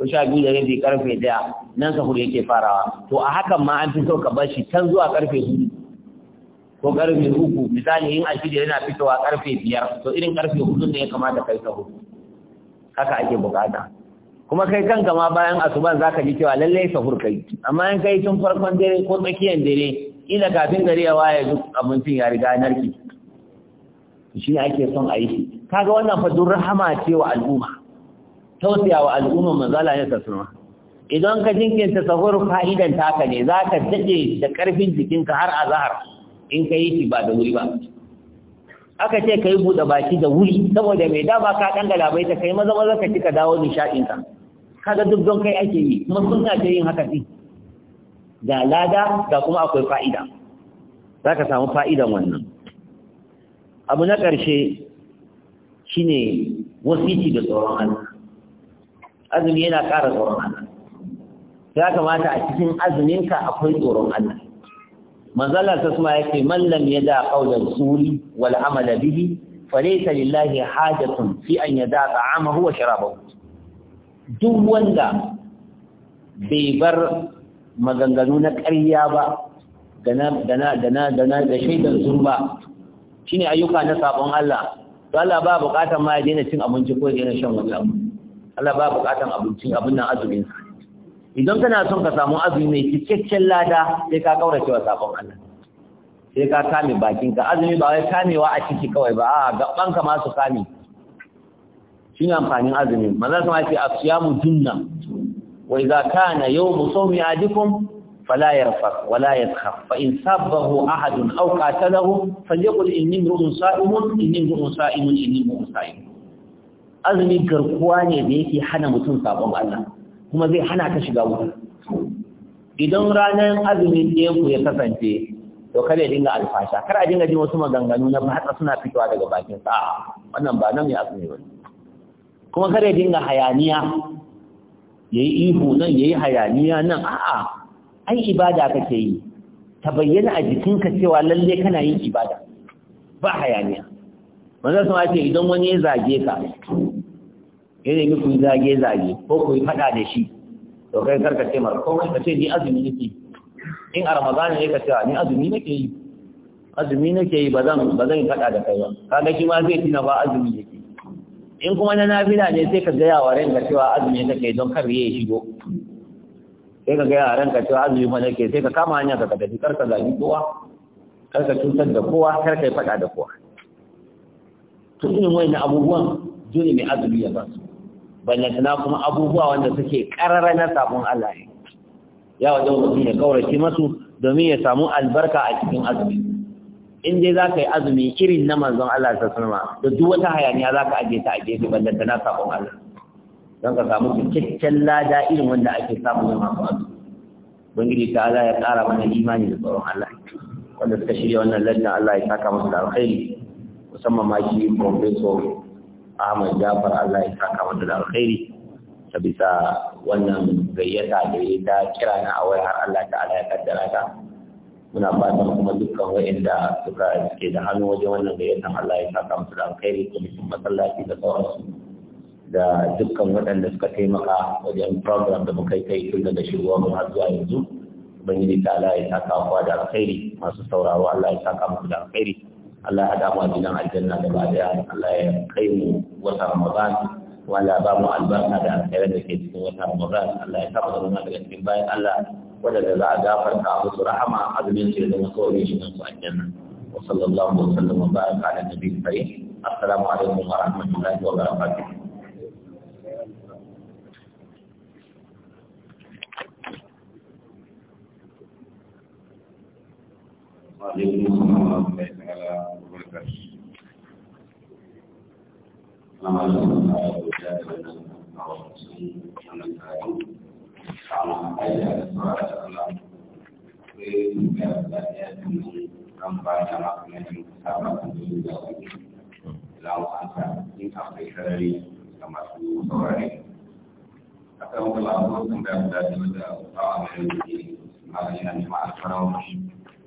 ko sha biyu da rabi karfe daya nan sahur yake farawa to a hakan ma an fi so ka bar shi can zuwa karfe hudu ko karfe uku misali in alfijir yana fitowa karfe biyar to irin karfe hudu ne ya kamata kai hudu haka ake bukata kuma kai kanka ma bayan asuban ka ji cewa lallai sahur kai amma in kai tun farkon dare ko tsakiyar dare ila kafin gari ya waye duk abincin ya riga narki shi ne ake son a yi shi kaga wannan fa duk rahama ce wa al'umma tausaya wa al'umma manzala ne tasirma idan ka jinkinta sahur fa'idan taka ne za ka daɗe da ƙarfin jikinka har azahar in ka yi shi ba da wuri ba aka ce ka yi buɗe baki da wuri saboda mai dama ka ɗan galabai ta kai maza maza ka ci ka dawo nishaɗinka kaga duk don kai ake yi kuma sun ta yin haka din Da lada da kuma akwai fa'ida za ka samu fa'idan wannan abu na ƙarshe shi ne da tsoron Allah azumi yana ƙara tsoron Allah ya kamata a cikin azuminka akwai tsoron Allah manzala ta suma yake mallam ya da ƙaunar suri wal amala bihi falaita lillahi hajatun fi an ya da ta'ama huwa sharabahu duk wanda bai bar maganganu na ƙarya ba da na da na da na da na da shine ayyuka na sabon Allah to Allah ba buƙatar ma ya daina cin abinci ko ya daina shan wani abu Allah ba buƙatar abincin abin nan azumin sa idan kana son ka samu azumi mai cikakken lada sai ka kaura cewa sakon Allah sai ka kame bakinka azumi ba wai kamewa a ciki kawai ba a gaban ka ma su kame shi ne amfanin azumi maza sama ce asiyamu junna wa idza kana yawmu sawmi adikum fala yarfaq wala yadkhaf fa in sabbahu ahadun aw qatalahu falyaqul inni ru'un sa'imun inni ru'un sa'imun inni ru'un sa'imun azumi garkuwa ne da yake hana mutum sabon Allah kuma zai hana ka shiga wuta idan ranar azumi ɗayan ku ya kasance to kada ya dinga alfasha kar a dinga jin wasu maganganu na batsa suna fitowa daga bakin sa wannan ba nan ne azumi ba kuma kada ya dinga hayaniya yayi ihu nan yayi hayaniya nan a'a ai ibada kake yi ta bayyana a jikinka cewa lalle kana yin ibada ba hayaniya manzo sun ce idan wani ya zage ka ya nemi ku zage-zage ko ku yi faɗa da shi to kai karka ce mara komai ka ce ni azumi nake in a ramadana ne ka ce ni azumi nake yi azumi nake yi ba zan fada faɗa da kai ba kaga shi ma zai tina ba azumi nake in kuma na nafila ne sai ka gaya wa ranka cewa azumi nake don kar ya shigo sai ka gaya wa ranka cewa azumi ma nake sai ka kama hanya ka tafi kar ka zagi kowa karka cutar da kowa kar ka yi faɗa da kowa to irin wayannan abubuwan dole mai azumi ya ba su ballantana kuma abubuwa wanda suke karara na sabon Allah ne ya wajen mutum ya kaurace masu domin ya samu albarka a cikin azumi in dai za ka yi azumi irin na manzon Allah ta sunama da duk wata hayaniya za ka aje ta a gefe ballantana sabon Allah don ka samu cikakken lada irin wanda ake samu na masu azumi Ubangiji ta Allah ya ƙara mana imani da tsoron Allah wanda suka shirya wannan lallan Allah ya saka masu da alkhairi musamman ma shi tsoro Ahmad Jafar Allah ya saka mata da alkhairi ta bisa wannan gayyata da ya ta kira na a har Allah ta'ala ya kaddara ta muna fatan kuma dukkan wa'inda suka ke da hannu wajen wannan gayyata Allah ya saka mata da alkhairi kwamitin masallaci da su. da dukkan waɗanda suka taimaka wajen program da muka kai tun daga shirwa mu har zuwa yanzu ubangiji ta Allah ya saka kwa da alkhairi masu saurawa Allah ya saka mata da alkhairi Allah ya damu a gidan aljanna da daya Allah ya kai mu wata Ramadan wanda ba mu albarka da alkhairar da ke cikin wata Ramadan Allah ya saba zama daga cikin bayan Allah wanda za a gafarta a musu rahama azumin ce zama kawai shi nan su aljanna wa sallallahu wa sallam wa baraka ala nabiyyi assalamu alaikum wa rahmatullahi wa barakatuh وعليكم السلام ورحمة الله تعالى وبركاته أنا Akan kelakuan yang berada a dalam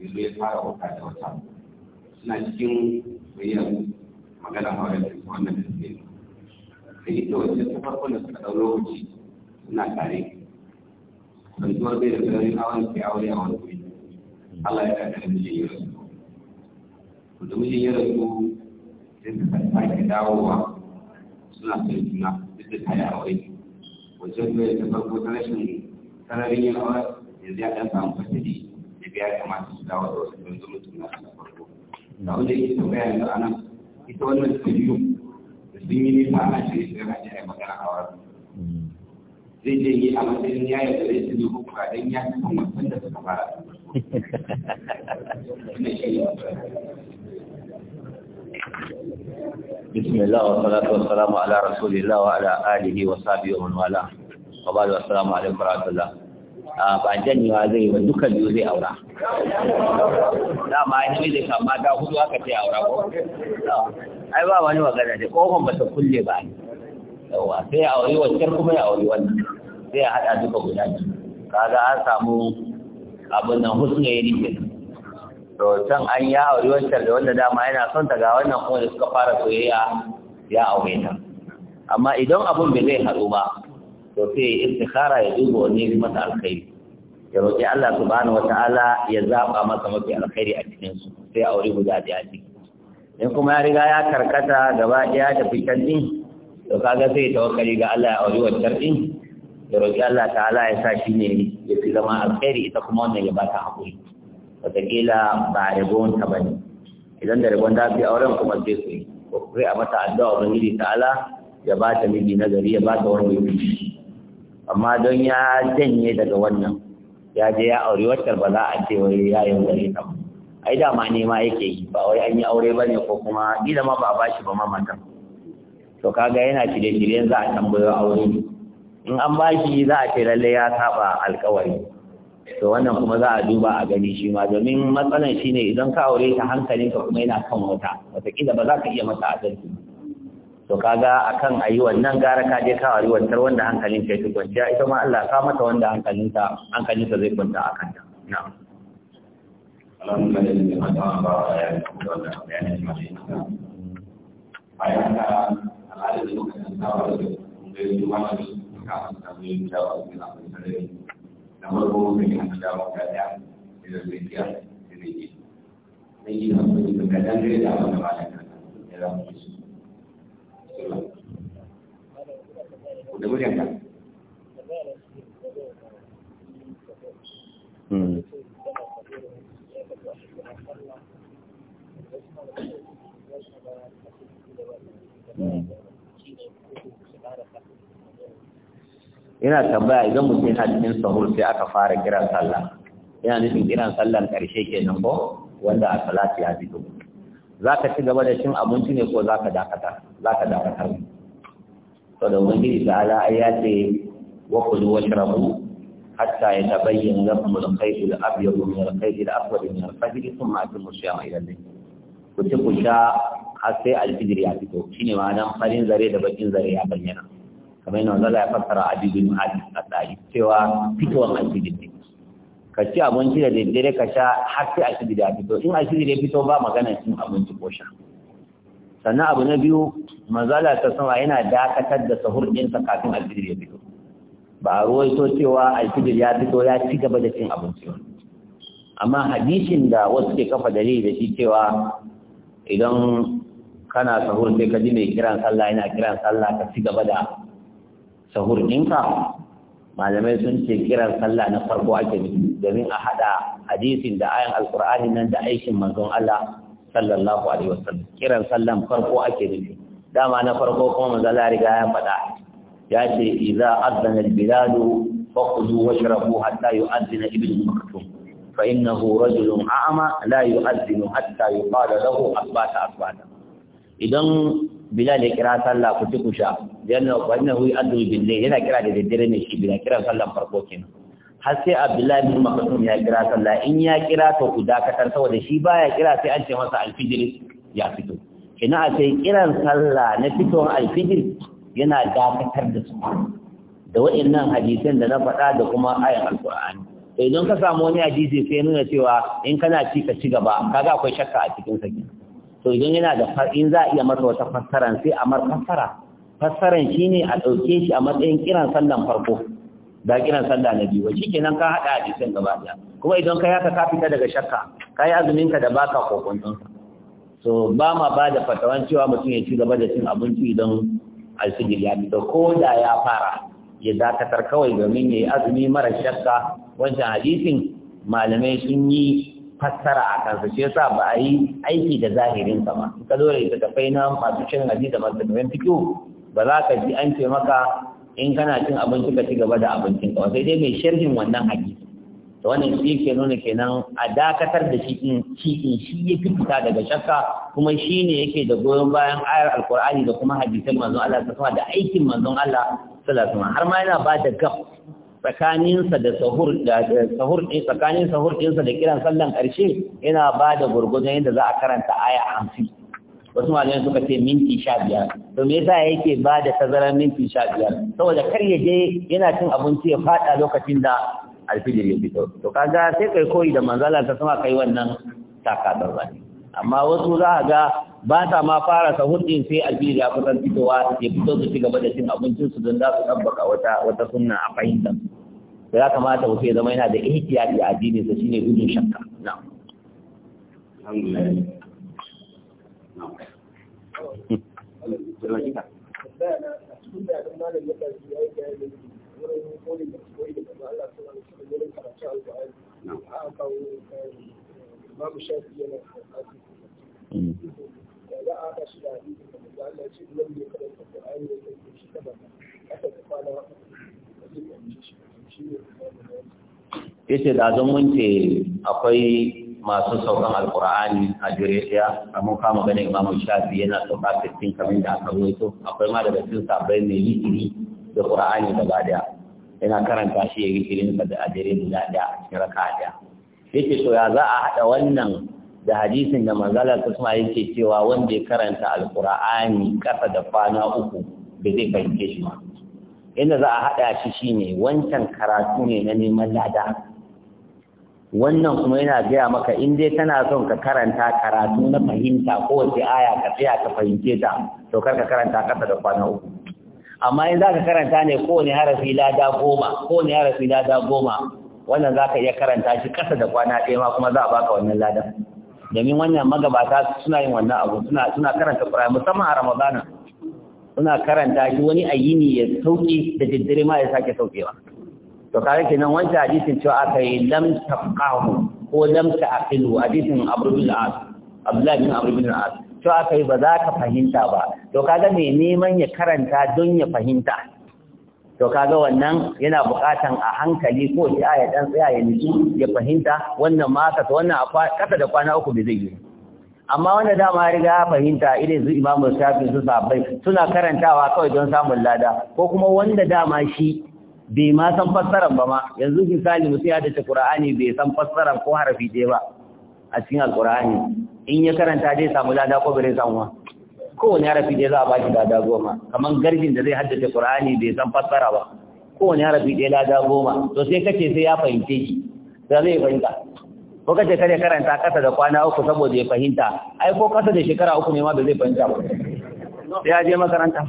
yanzu ya fara wata da wata suna cikin bayyana magana hauren da wannan da suke sai ita wacce ta farko da suka ɗau lokaci suna tare kwantuwar bai da ganin awon ke aure a wani wuri Allah ya kaɗa da mijin ya rasu to da mijin ya rasu sai suka sake dawowa suna son juna duk da ta yi aure wacce bai ta farko ta rashin sararin yin aure yanzu ya ɗan samu fasiri tafi ya kamata su dawo da wasu don zama tun nasu na farko da wanda yake tambaya yanzu ita wannan da sun yi nisa magana a hmm. zai je yi a matsayin ya yi don ya fi da suka fara بسم الله والصلاة والسلام على رسول الله وعلى آله وصحبه ومن والاه وبعد عليكم ورحمة الله ba janyewa zai ba duka biyu zai aura dama ya namiji kan mata hudu aka ce aura ko ai ba wani magana da kofan ba ta kulle ba ne yawa sai aure auri wancan kuma ya auri wannan sai hada haɗa duka guda biyu kaga an samu abin nan husna ya rike to can an ya aure wancan da wanda dama yana son ta ga wannan kuma da suka fara soyayya ya aure ta amma idan abun bai zai haɗu ba to sai ya istikhara ya duba wanne ya masa alkhairi ya roƙi Allah subhanahu wataala ya zaba masa mafi alkhairi a cikin su sai aure guda da yaji in kuma ya riga ya karkata gaba ɗaya ta fitan din to kaga sai tawakkali ga Allah ya aure wannan din ya roƙi Allah ta'ala ya sa shi ne ya fi zama alkhairi ita kuma wannan ya ba ta haƙuri wataƙila ba a rigonta ba ne idan da rigon ta fi auren kuma sai su yi ko a mata addu'a ubangiji ta'ala ya ba ta miji nagari ya ba ta wani mai amma don ya janye daga wannan ya je ya aure wacce ba za a ce wai ya yi ta ai ma nema yake yi ba wai an yi aure bane ko kuma gida ma ba ba shi ba mamatan to kaga yana shirye-shiryen za a tambayo aure in an ba shi za a ce lalle ya saba alkawari to wannan kuma za a duba a gani shi ma domin matsalan shine idan ka aure ta hankalinka kuma yana kan wata kila ba za ka iya masa adalci ba to kaga akan ayi wannan gara ka je ka wari wanda hankalin ka yake kwanciya ita ma Allah ka mata wanda hankalin ta hankalin ta zai kwanta akan ta na'am alhamdulillah da Allah ba ya yi ma shi bayan ka al'adar da kuka san da na da da ya da gudun ka yana tambaya idan mutum yana cikin sahur sai aka fara kiran sallah yana nufin kiran sallan ƙarshe kenan ko wanda a salati ya fito za ka ci gaba da cin abinci ne ko za ka dakata za ka dakatar to da ubangiji ta ala ya ce wa kulu washrabu hatta yatabayyan lakum al-khayt al-abyad min al-khayt al-aswad min al-fajr thumma atimmu siyama ila al-layl ku ci ku sha har sai al-fajr ya fito shine ma'anar farin zare da bakin zare ya bayyana kamar yana zala ya fassara a bibin hadis a tsari cewa fitowar al-fajr ne ka ci abinci da daddare ka sha har sai asiri da fito in asiri da fito ba magana cin abinci ko sha sannan abu na biyu mazala ta sama yana dakatar da sahur ta kafin asiri da fito ba a ruwaito cewa alfijir ya fito ya ci gaba da cin abinci amma hadisin da wasu ke kafa dalili da shi cewa idan kana sahur sai ka ji mai kiran sallah yana kiran sallah ka ci gaba da sahur ɗinka malamai sun ce kiran sallah na farko ake nufi domin a hada hadisin da ayan alkur'ani nan da aikin manzon Allah sallallahu alaihi wasallam kiran sallan farko ake nufi dama na farko kuma manzon Allah riga ya faɗa ya ce idza adzana al-bilal faqudu washrabu hatta yu'adzina ibnu maktum fa innahu rajulun a'ma la yu'adzinu hatta yuqala lahu asbata asbata idan bilal ya kira sallah ku ci ku sha yana wannan hu addu bil yana kira da daddare ne shi bilal kira sallah farko kenan har sai abdullahi bin ya kira sallah in ya kira to ku dakatar saboda shi baya kira sai an ce masa alfijir ya fito kina a sai kiran sallah na fitowar alfijir yana dakatar da su da waɗannan hadisan da na faɗa da kuma ayan alkur'ani to idan ka samu wani hadisi sai nuna cewa in kana ci ka ci gaba kaga akwai shakka a cikin sakin to idan yana da in za a iya masa wata fassara sai a mar fassara fassaran shine a dauke shi a matsayin kiran sallan farko da kiran sallah na biyu shikenan ka hada hadisin gaba daya kuma idan ka yaka ka fita daga shakka kai azumin ka da baka kokontun so ba ma ba da fatawan cewa mutum ya ci gaba da cin abinci idan alfijir ya fito ko da ya fara ya dakatar kawai domin ya yi azumi mara shakka wancan hadisin malamai sun yi fassara a kansu shi yasa ba a yi aiki da zahirinka ba ka dole da tafai na masu cin haji da masu tafiyar fikiyo ba za ka ji an ce maka in kana cin abinci ka ci gaba da abincin ka sai dai mai sharhin wannan hadisi to wannan shi ke nuna kenan a dakatar da shi in shi in shi ya fita daga shakka kuma shi ne yake da goyon bayan ayar alkur'ani da kuma hadisan manzon Allah da aikin manzon Allah sallallahu alaihi wasallam har ma yana ba da gab tsakaninsa da sahur da sahur ɗin tsakanin sahur ɗinsa da kiran sallan ƙarshe yana ba da gurgurdan yadda za a karanta aya hamsin wasu malamai suka ce minti sha biyar to me yasa yake ba da tazarar minti sha biyar saboda kar ya je yana cin abinci ya faɗa lokacin da alfijir ya fito to kaga sai kai koyi da manzala ta sama kai wannan taka ba amma wasu za ga ba sa ma fara sahur din sai alfijir ya kusan fitowa ya fito su ci gaba da cin abincin su don za su tabbaka wata wata sunna a fahimta da ya kamata wuce zama yana da ihtiya da addini su shine gudun shakka na yace da zan mun akwai masu saukan alkur'ani a jure daya kamar kama ganin imamu shafi yana sauka fitin kamar da aka ruwaito akwai ma daga cikin sabai mai yikiri da qur'ani gaba daya yana karanta shi ya yi irin da a jere guda daya a cikin raka daya yace to ya za a haɗa wannan da hadisin da manzala kusma yake cewa wanda ya karanta alkur'ani kasa da kwana uku da zai fahimce shi ba inda za a haɗa shi shi ne wancan karatu ne na neman lada wannan kuma yana gaya maka in dai kana son ka karanta karatu na fahimta kowace aya ka tsaya ka fahimce ta to kar ka karanta kasa da kwana uku amma in za ka karanta ne kowane harafi lada goma kowane harafi lada goma wannan za ka iya karanta shi kasa da kwana ɗaya ma kuma za a baka wannan ladan domin wannan magabata suna yin wannan abu suna suna karanta Qur'ani musamman a Ramadana suna karanta shi wani ayini ya sauke da daddare ma ya sake saukewa to kare kenan wancan hadisin cewa aka yi lam taqahu ko lam ta'qilu hadisin Abdul As Abdullah bin Abdul As to aka yi ba za ka fahimta ba to kaga mai neman ya karanta don ya fahimta to kaga wannan yana bukatan a hankali ko shi aya dan tsaya ya nitsu ya fahimta wannan ma ka to wannan kasa da kwana uku bai zai yi amma wanda dama riga ya fahimta irin su imamu shafi su sabai suna karantawa kawai don samun lada ko kuma wanda dama shi bai ma san fassarar ba ma yanzu misali mutum ya dace qur'ani bai san fassarar ko harafi ɗaya ba a cikin alqur'ani in ya karanta zai samu lada ko bai samu ba kowane harafi ɗaya za a baki lada goma kamar garbin da zai haddace qur'ani bai san fassara ba kowane harafi ɗaya lada goma to sai kace sai ya fahimce shi da zai fahimta ko kace kare karanta kasa da kwana uku saboda ya fahimta ai ko kasa da shekara uku ne ma ba zai fahimta ba sai ya je makaranta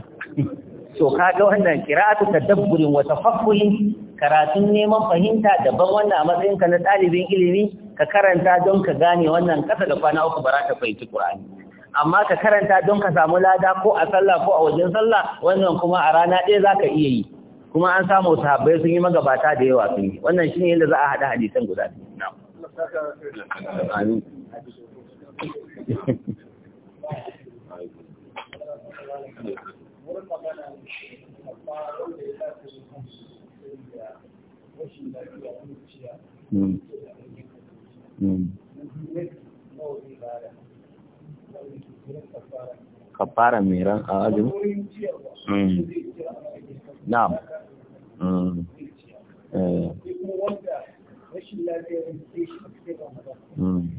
to kaga wannan qira'atu tadabburin wa tafakkurin karatun neman fahimta daban wannan a matsayinka na ɗalibin ilimi ka karanta don ka gane wannan kasa da kwana uku ba za ta fahimci Qur'ani amma ka karanta don ka samu lada ko a sallah ko a wajen sallah wannan kuma a rana ɗaya za ka iya yi kuma an samu sahabbai sun yi magabata da yawa sun yi wannan shine yadda za a haɗa hadisan guda biyu Mm. kafara mai ran a azumi mm. na'am mm. Eh. Mm.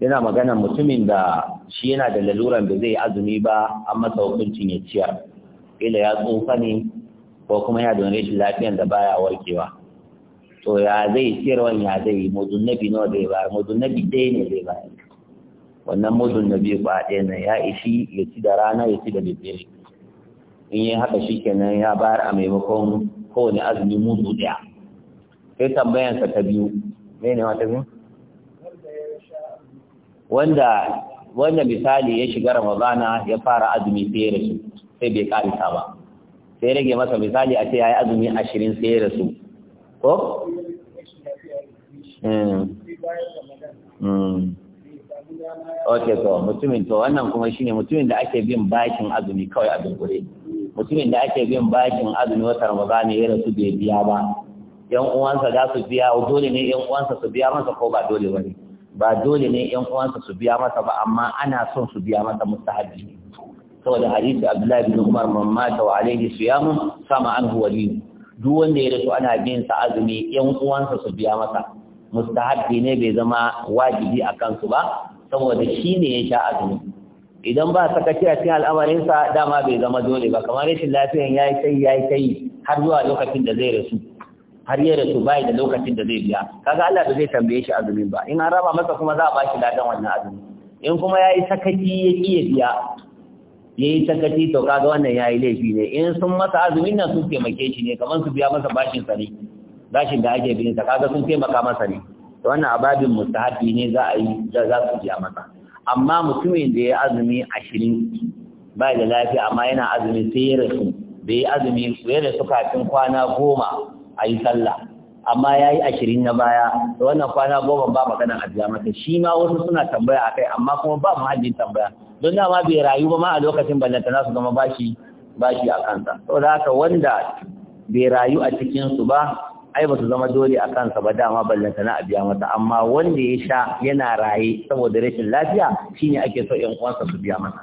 yana magana mutumin da shi yana da laluran da zai azumi ba an masa hukuncin ya ciyar ila ya tsofa ne ko kuma ya dore shi rashin lafiyan da baya warkewa to ya zai ciyarwan ya zai mudun nabi nawa zai ba, mudun nabi ɗaya ne zai ba? wannan mudun nabi ba ɗaya ne ya ishi ya ci da rana ya ci da daddare in yi haka shi kenan ya bayar a maimakon kowane azumi mudu ɗaya sai tambayansa ta biyu me ne wata biyu wanda wanda misali ya shiga ramadana ya fara azumi sai ya rasu sai bai karisa ba sai rage masa misali a ce ya yi azumi ashirin sai ya rasu ko? Hmm. Hmm. ok so, mutumin to wannan kuma shine mutumin da ake bin bakin azumi kawai a dunkure mutumin da ake bin bakin azumi wata ramadana ya rasu bai biya ba yan uwansa za su biya dole ne yan uwansa su biya masa ko ba dole ba ba dole ne yan uwansa su biya masa ba amma ana son su biya masa mustahabi ne saboda hadisi Abdullahi bin Umar mamata wa alaihi siyamun sama an wali duk wanda ya rasu ana bin sa azumi yan uwansa su biya masa mustahabbi ne bai zama wajibi a kansu ba saboda shi ne ya sha azumi idan ba sakaci a cikin al'amarin sa dama bai zama dole ba kamar rashin lafiyan ya yi sai ya har zuwa lokacin da zai rasu har ya rasu bai da lokacin da zai biya kaga Allah ba zai tambaye shi azumin ba in an raba masa kuma za a ba shi ladan wannan azumi in kuma yayi yi sakaci ya ƙi ya biya yayi takati to kaga wannan ya yi laifi ne in sun masa azumin nan sun taimake shi ne kamar su biya masa bashin sani bashin da ake bin kaga sun taimaka masa ne to wannan ababin mustahabi ne za a yi za su biya masa amma mutumin da ya azumi ashirin ba da lafiya amma yana azumi sai ya rasu da ya azumi ya rasu kafin kwana goma a yi sallah amma ya yi ashirin na baya da wannan kwana goma ba magana a biya masa shi ma wasu suna tambaya a kai amma kuma ba mu hajji tambaya don dama bai rayu ba ma a lokacin ballantana su zama bashi bashi a kansa to da haka wanda bai rayu a cikinsu ba ai ba su zama dole a kansa ba dama ballantana a biya masa amma wanda ya sha yana raye saboda rashin lafiya shine ake so yan uwansa su biya masa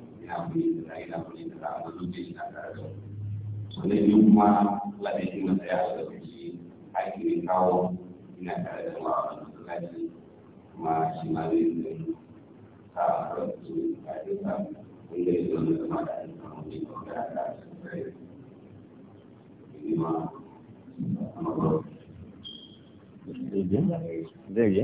ina kuri da za ina kuri da za a mazu ce ina tare da su na biyu kuma lafi shi masa ya da kashi hakimin kawo ina tare da ma a masallaci kuma shi ma zai zai sa a rasu a duka wanda ya zama zama da aiki kamar ne ba da aka sai ma a mabar zai je? zai je?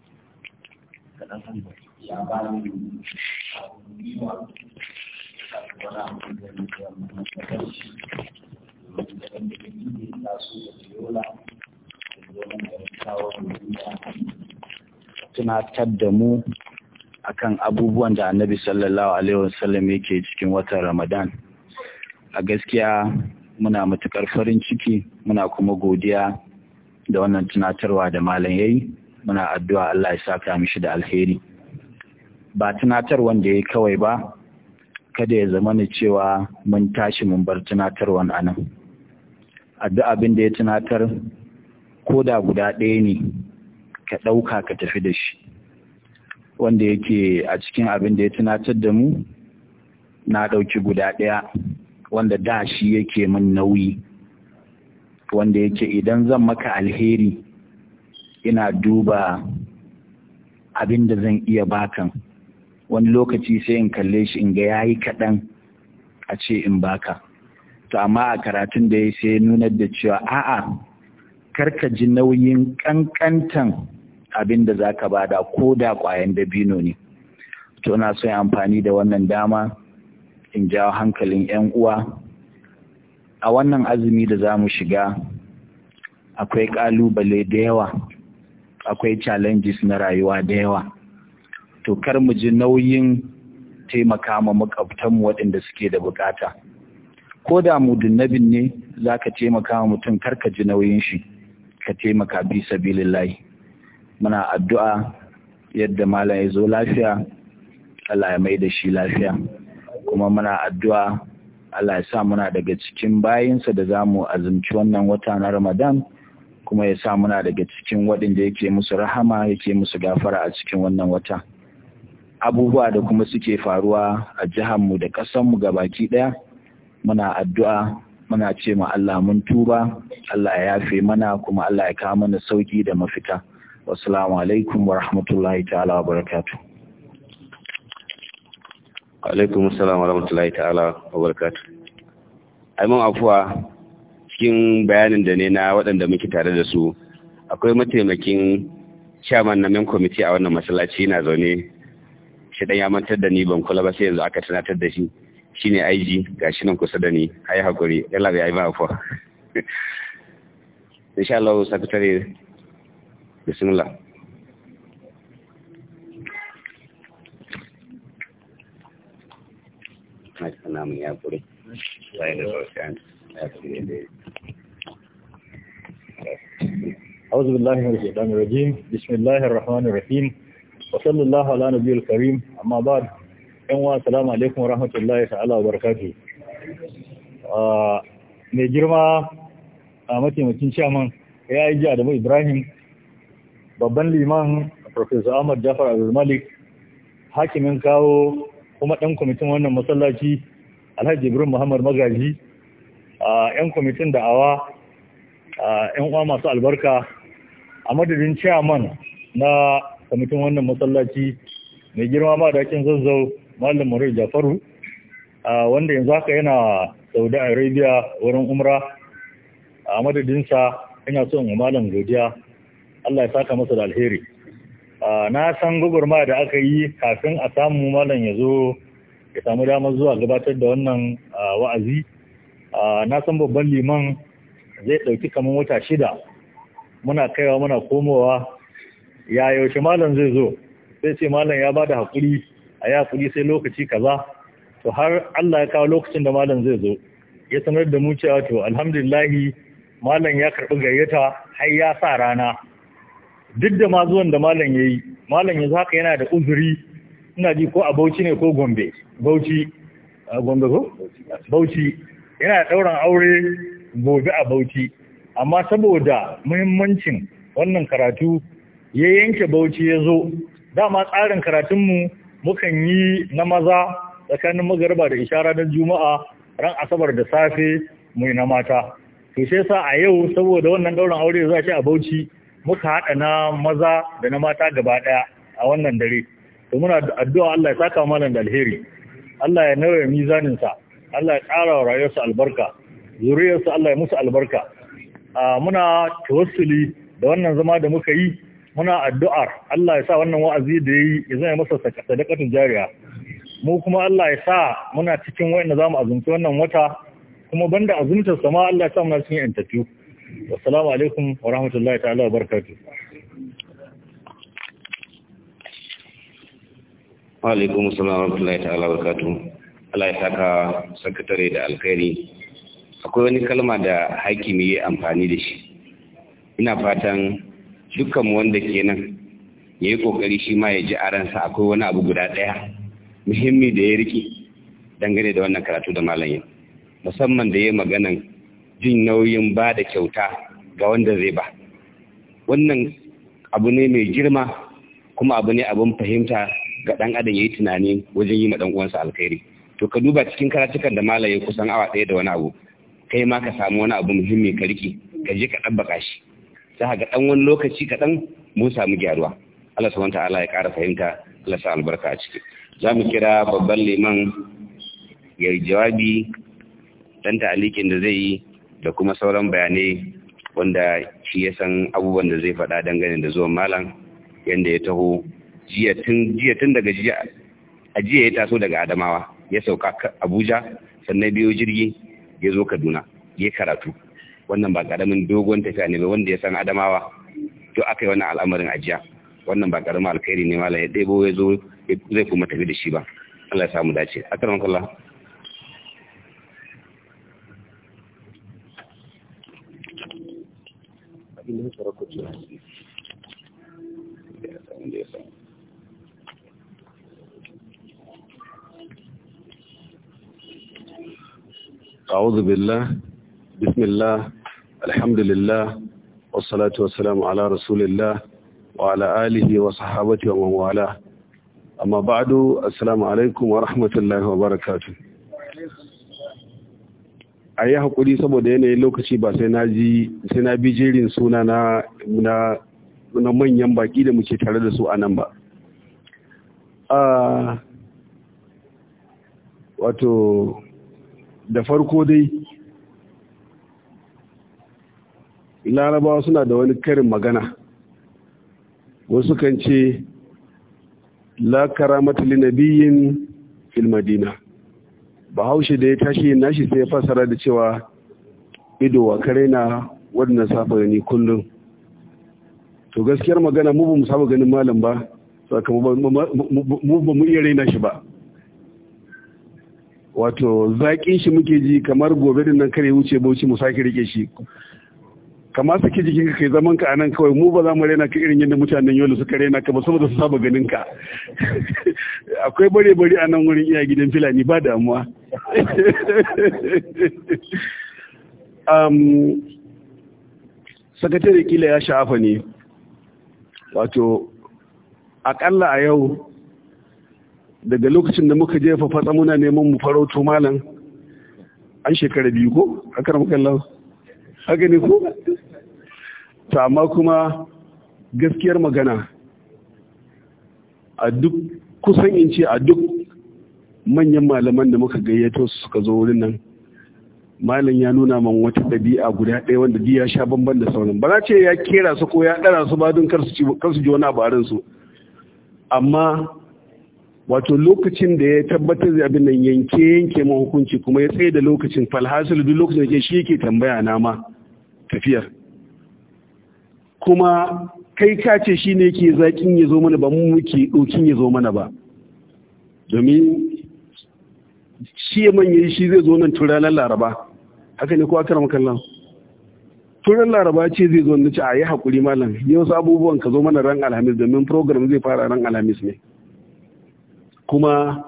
tunatar da mu akan abubuwan da annabi sallallahu alaihi wasallam yake cikin watan ramadan a gaskiya muna matukar farin ciki muna kuma godiya da wannan tunatarwa da malam yayi muna addu'a Allah ya saka mishi da alheri ba tunatar wanda yayi kawai ba kada ya zama ni cewa mun tashi mun bar tunatarwan nan addu'a abin da ya tunatar ko da guda ɗaya ne ka ɗauka ka tafi da shi wanda yake a cikin abin da ya tunatar da mu na ɗauki guda ɗaya wanda da shi yake min nauyi wanda yake idan zan maka alheri ina duba abin da zan iya bakan wani lokaci sai in kalle shi in ga yayi kaɗan a ce in baka to amma a karatun da ya sai nuna da cewa a'a karka ji nauyin ƙanƙantan abin da zaka bada ko da kwayan dabino ne to na so amfani da wannan dama in ja hankalin 'yan uwa a wannan azumi da za mu shiga akwai ƙalubale da yawa akwai challenges na rayuwa da yawa to kar mu ji nauyin taimaka ma makabtanmu waɗanda suke da bukata ko da mudunnabin ne za ka taimaka wa mutum kar ka ji nauyin shi ka taimaka bisa sabilillahi muna addu'a yadda malam ya zo lafiya Allah ya mai da shi lafiya kuma muna addu'a Allah ya sa muna daga cikin bayinsa da za mu azumci wannan wata na Ramadan kuma ya sa muna daga cikin waɗanda yake musu rahama yake musu gafara a cikin wannan wata abubuwa da kuma suke faruwa a jihanmu da ƙasanmu ga baki ɗaya muna addu'a muna ce ma Allah mun tuba Allah ya yafe mana kuma Allah ya kawo mana sauki da mafita wassalamu alaikum wa rahmatullahi ta'ala wa barakatu alaikum assalam wa rahmatullahi ta'ala wa barakatu. ai afuwa cikin bayanin da ne na waɗanda muke tare da su akwai mataimakin chairman na main kwamiti a wannan masallaci na zaune shi dan ya mantar da ni ban kula ba sai yanzu aka tunatar da shi shine IG gashi nan kusa da ni ai hakuri yalla bai yi ba fa insha Allah secretary bismillah Nice, and I'm أعوذ بالله من الشيطان الرجيم بسم الله الرحمن الرحيم وصلى الله على نبي الكريم أما بعد أنوا السلام عليكم ورحمة الله تعالى وبركاته mai girma a mataimakin shaman ya yi ibrahim babban liman professor ahmad jafar abdulmalik hakimin kawo kuma ɗan kwamitin wannan masallaci alhaji ibrahim muhammad magaji a 'yan kwamitin da'awa 'yan uwa masu albarka a madadin chairman na kwamitin wannan masallaci mai girma ba da zazzau malam murai jafaru wanda yanzu haka yana saudi arabia wurin umra a madadinsa ina son malam godiya allah ya saka masa da alheri na san gugurma da aka yi kafin a samu malam ya zo ya samu damar zuwa gabatar da wannan wa'azi na san babban liman zai ɗauki kamar wata shida muna kaiwa muna komowa ya yaushe malam zai zo sai ce malam ya ba da haƙuri a ya haƙuri sai lokaci kaza to har Allah ya kawo lokacin da malam zai zo ya sanar da mu cewa to alhamdulillahi malam ya karɓi gayyata har ya sa rana duk da ma zuwan da malam ya yi malam yanzu haka yana da uzuri ina ji ko a bauchi ne ko gombe bauchi yana da ɗauran aure gobe a bauchi amma saboda muhimmancin wannan karatu ya yanke bauchi ya zo dama tsarin karatunmu mukan yi na maza tsakanin magarba da ishara don juma'a ran asabar da safe mu na mata to sai sa a yau saboda wannan ɗauran aure za shi a bauchi muka haɗa na maza da na mata gaba ɗaya a wannan dare to muna addu'a Allah ya saka malam da alheri Allah ya nawa mizaninsa Allah ya ƙara wa rayuwarsu albarka zuriyarsu Allah ya musu albarka muna tawassuli da wannan zama da muka yi muna addu'ar Allah ya sa wannan wa'azi da ya yi, ya zama masa sadakatun jariya mu kuma Allah ya sa muna cikin za mu azumci wannan wata kuma banda azumtar sama Allah ya sa muna cikin intatu assalamu alaikum wa rahmatullahi ta'ala wa barkatu. wa alaikum wa rahmatullahi ta'ala wa barakatuh Allah ya saka sakatare da alkhairi akwai wani kalma da hakimi ya amfani da shi ina fatan dukkan wanda kenan ya yi kokari shi ma ya ji a ransa akwai wani abu guda ɗaya muhimmi da ya riƙe dangane da wannan karatu da malam yin, musamman da ya magana jin nauyin ba da kyauta ga wanda zai ba wannan abu ne mai girma kuma abu ne abin fahimta ga ɗan adam ya yi tunani wajen yi ma ɗan uwansa alkhairi to ka duba cikin karatukan da malaye kusan awa ɗaya da wani abu kai ma ka samu wani abu muhimmi ka riƙe ka je ka ɗabbaka shi za haka ɗan wani lokaci kaɗan mun samu gyaruwa Allah subhanahu ta'ala ya ƙara fahimta Allah sa albarka a ciki za mu kira babban liman ya yi jawabi dan ta'alikin da zai yi da kuma sauran bayanai wanda shi ya san abubuwan da zai faɗa dangane da zuwan malam yadda ya taho jiya tun daga jiya a jiya ya taso daga adamawa ya sauka abuja sannan biyo jirgi ya zo kaduna ya karatu wannan ba karamin dogon tafiya ne ba wanda ya san adamawa to aka yi wannan al'amarin ajiya wannan ba karamin alkhairi ne mala ya ɗebo ya zo zai kuma tafi da shi ba Allah ya samu dace a karamin abin Thank you. أعوذ بالله بسم الله الحمد لله والصلاة والسلام على رسول الله وعلى آله وصحابته ومن والاه أما بعد السلام عليكم ورحمة الله وبركاته a hakuri haƙuri saboda yanayin lokaci ba sai na ji sai na bi jerin suna na na manyan baki da muke tare da su a nan ba wato da farko dai larabawa suna da wani karin magana wasu kan ce la na linabiyin fil madina bahaushe da ya tashi nashi sai ya fasara da cewa ido wa kare na waɗannan safa gani kullum to gaskiyar magana mu ba mu saba ganin malam ba sakamakon mu ba mu iya raina shi ba wato zaƙin shi muke ji kamar gobe da nan kare wuce bauchi mu sake rike shi kamar suke jikin ka kai zaman ka anan kawai mu ba za mu raina ka irin yadda mutanen da suka rena ka ba saboda su saba ganin ka akwai bare bare a nan wurin iya gidan filani ba damuwa sakatare kila ya sha'afa ne wato akalla a yau daga lokacin da muka jefa fatsa muna neman mu farauto malam an shekara biyu ko a karam kallon haka ne ko ta amma kuma gaskiyar magana a duk kusan in ce a duk manyan malaman da muka gayyato suka zo wurin nan malam ya nuna man wata ɗabi'a guda ɗaya wanda duk ya sha bamban da sauran ba za ce ya kera su ko ya ɗara su ba don kar su ji wani abarin su amma wato lokacin da ya tabbatar da abin nan yanke yanke ma hukunci kuma ya tsaye da lokacin falhasil duk lokacin da ke shi yake tambaya na ma tafiyar kuma kai ka ce shi ne yake zaƙin ya zo mana ba mu muke ɗokin ya zo mana ba domin shi ya manya shi zai zo nan turanen laraba haka ne kuwa karam kallon turan laraba ce zai zo nace a yi haƙuri malam yau wasu abubuwan ka zo mana ran alhamis domin program zai fara ran alhamis ne kuma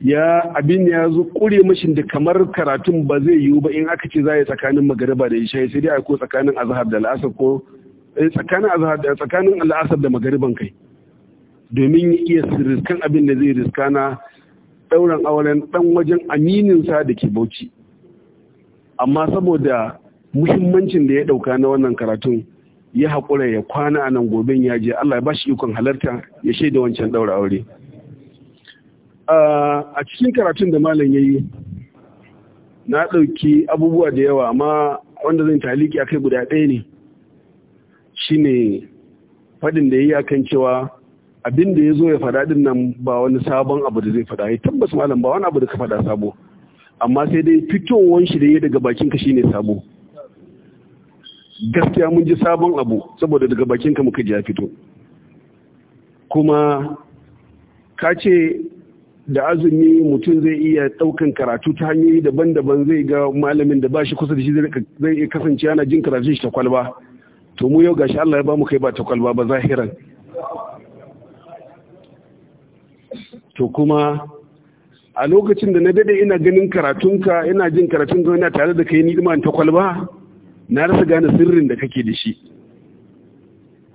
ya abin ya zo kure mashin da kamar karatun ba zai yiwu ba in aka ce za a yi tsakanin magariba da isha sai dai ko tsakanin azhar da la'asar ko eh, tsakanin azhar da tsakanin la'asar da magariban kai domin ya iya riskan abin da zai riska na ɗauran auren ɗan wajen sa da ke bauchi amma saboda muhimmancin da ya ɗauka na wannan karatun ya haƙura ya kwana a nan gobe ya je Allah ya ba shi ikon halarta ya shaida wancan ɗaura aure. a cikin karatun da malam ya yi na ɗauki abubuwa da yawa amma wanda zan taliki a kai guda ɗaya ne shine faɗin da ya yi akan cewa abin da ya zo ya faɗa ɗin nan ba wani sabon abu da zai faɗa ya tabbas malam ba wani abu da ka faɗa sabo amma sai dai fitowar shi da ya daga bakinka shine sabo gaskiya mun ji sabon abu saboda daga bakinka muka ji ya fito kuma ka ce da azumi mutum zai iya ɗaukan karatu ta hanyoyi daban-daban zai ga malamin da ba shi kusa da shi zai iya kasance ana jin karatun shi ta kwalba to mu yau gashi Allah ya ba mu kai ba ta kwalba ba zahiran to kuma a lokacin da na dade ina ganin karatunka ina jin karatun ka ina tare da kai ni iman ta kwalba na rasa gane sirrin da kake da shi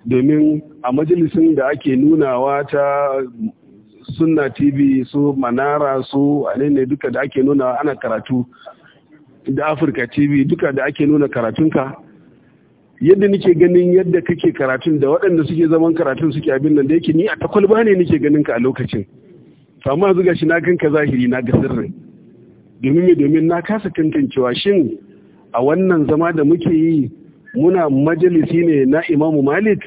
domin a majalisin da ake nunawa ta sunna tv su manara su ne duka da ake nuna ana karatu da afirka tv duka da ake nuna karatunka yadda nike ganin yadda kake karatun da waɗanda suke zaman karatun suke abin nan da yake ni a takwalba ne nike ganin ka a lokacin amma zuga shi na ganka zahiri na ga sirri. domin me domin na kasa tantancewa shin a wannan zama da muke yi muna majalisi ne na imamu malik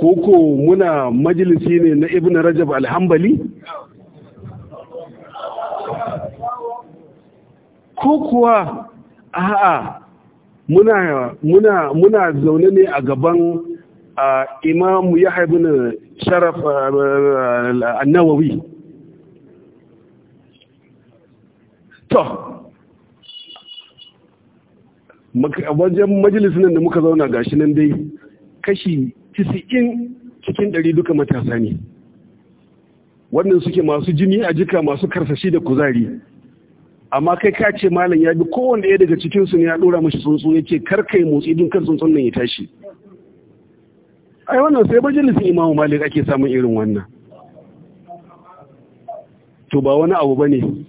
koko muna majalisi ne na ibn rajab alhambali ko kuwa a'a muna muna muna zaune ne a gaban imamu ya haibin sharaf annawawi to wajen majalisun da muka zauna gashi nan dai kashi 90 cikin ɗari duka matasa ne wannan suke masu jini a jika masu karsashi da kuzari amma kai ka ce malam ya bi kowanne ɗaya daga cikin su ne ya ɗora mashi tsuntsu ya ce kar kai motsi din kan tsuntsun nan ya tashi ai wannan sai majalisin imamu malik ake samun irin wannan to ba wani abu bane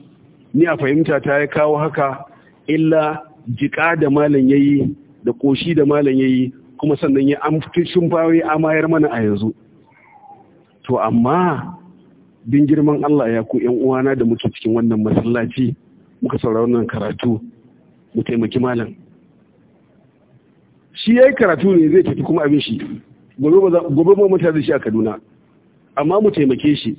ni a fahimta ta ya kawo haka illa jika da malam yayi da koshi da malam yayi kuma sannan ya amfi a amayar mana a yanzu to amma bin girman Allah ya ku 'yan uwana da muke cikin wannan masallaci muka saurari wannan karatu mu taimaki malam shi yayi karatu ne zai tafi kuma abin shi gobe ba gobe ba mutane shi a Kaduna amma mu taimake shi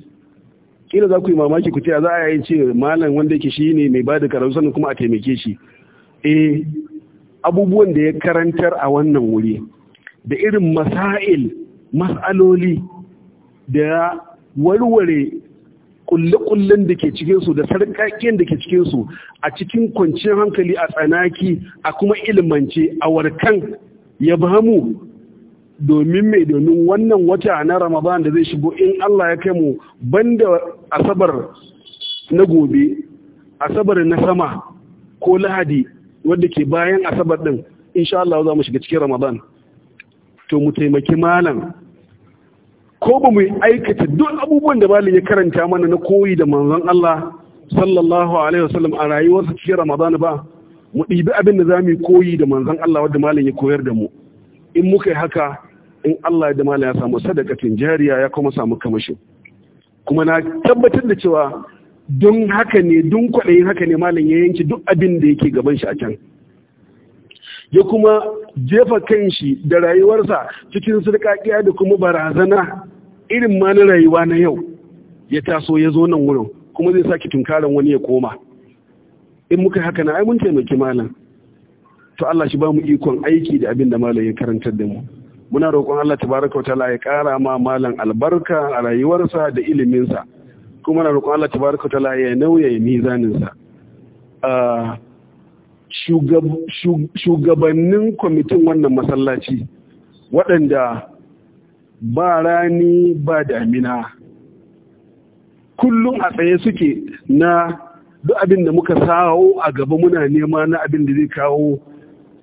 kila za ku yi mamaki ku ce za a yi ce malam wanda yake shi ne mai ba da karatu sannan kuma a taimake shi eh abubuwan da ya karantar a wannan wuri da irin masail mas'aloli da warware kulle-kullen da ke cikinsu da sarƙaƙen da ke cikinsu a cikin kwanciyar hankali a tsanaki a kuma ilmance a warkan ya bamu domin mai domin wannan wata na ramadan da zai shigo in Allah ya kai mu banda asabar na gobe asabar na sama ko lahadi wadda ke bayan asabar din insha Allah za mu shiga cikin Ramadan to mu taimaki malam ko ba mu aikata duk abubuwan da malam ya karanta mana na koyi da manzon Allah sallallahu alaihi wasallam a rayuwarsa cikin Ramadan ba mu ɗibi abin da za mu koyi da manzon Allah wadda malam ya koyar da mu in muka yi haka in Allah da malam ya samu sadakatin jariya ya kuma samu kamashin kuma na tabbatar da cewa don haka ne don kwaɗayin haka ne malam ya yanki duk abin da yake gaban shi a can ya kuma jefa kan shi da rayuwarsa cikin sarƙaƙiya da kuma barazana irin ma na rayuwa na yau ya taso ya zo nan wurin kuma zai sake tunkaran wani ya koma in muka haka na ai mun taimaki malam to Allah shi ba mu ikon aiki da abin da malam ya karantar da mu muna roƙon Allah tabaraka wa ta'ala ya ƙara ma malam albarka a rayuwarsa da iliminsa kuma na roƙon Allah tabaraka ta ya nauye mizaninsa. shugabannin kwamitin wannan masallaci waɗanda ba rani ba damina kullum a tsaye suke na duk abin da muka sawo a gaba muna nema na abin da zai kawo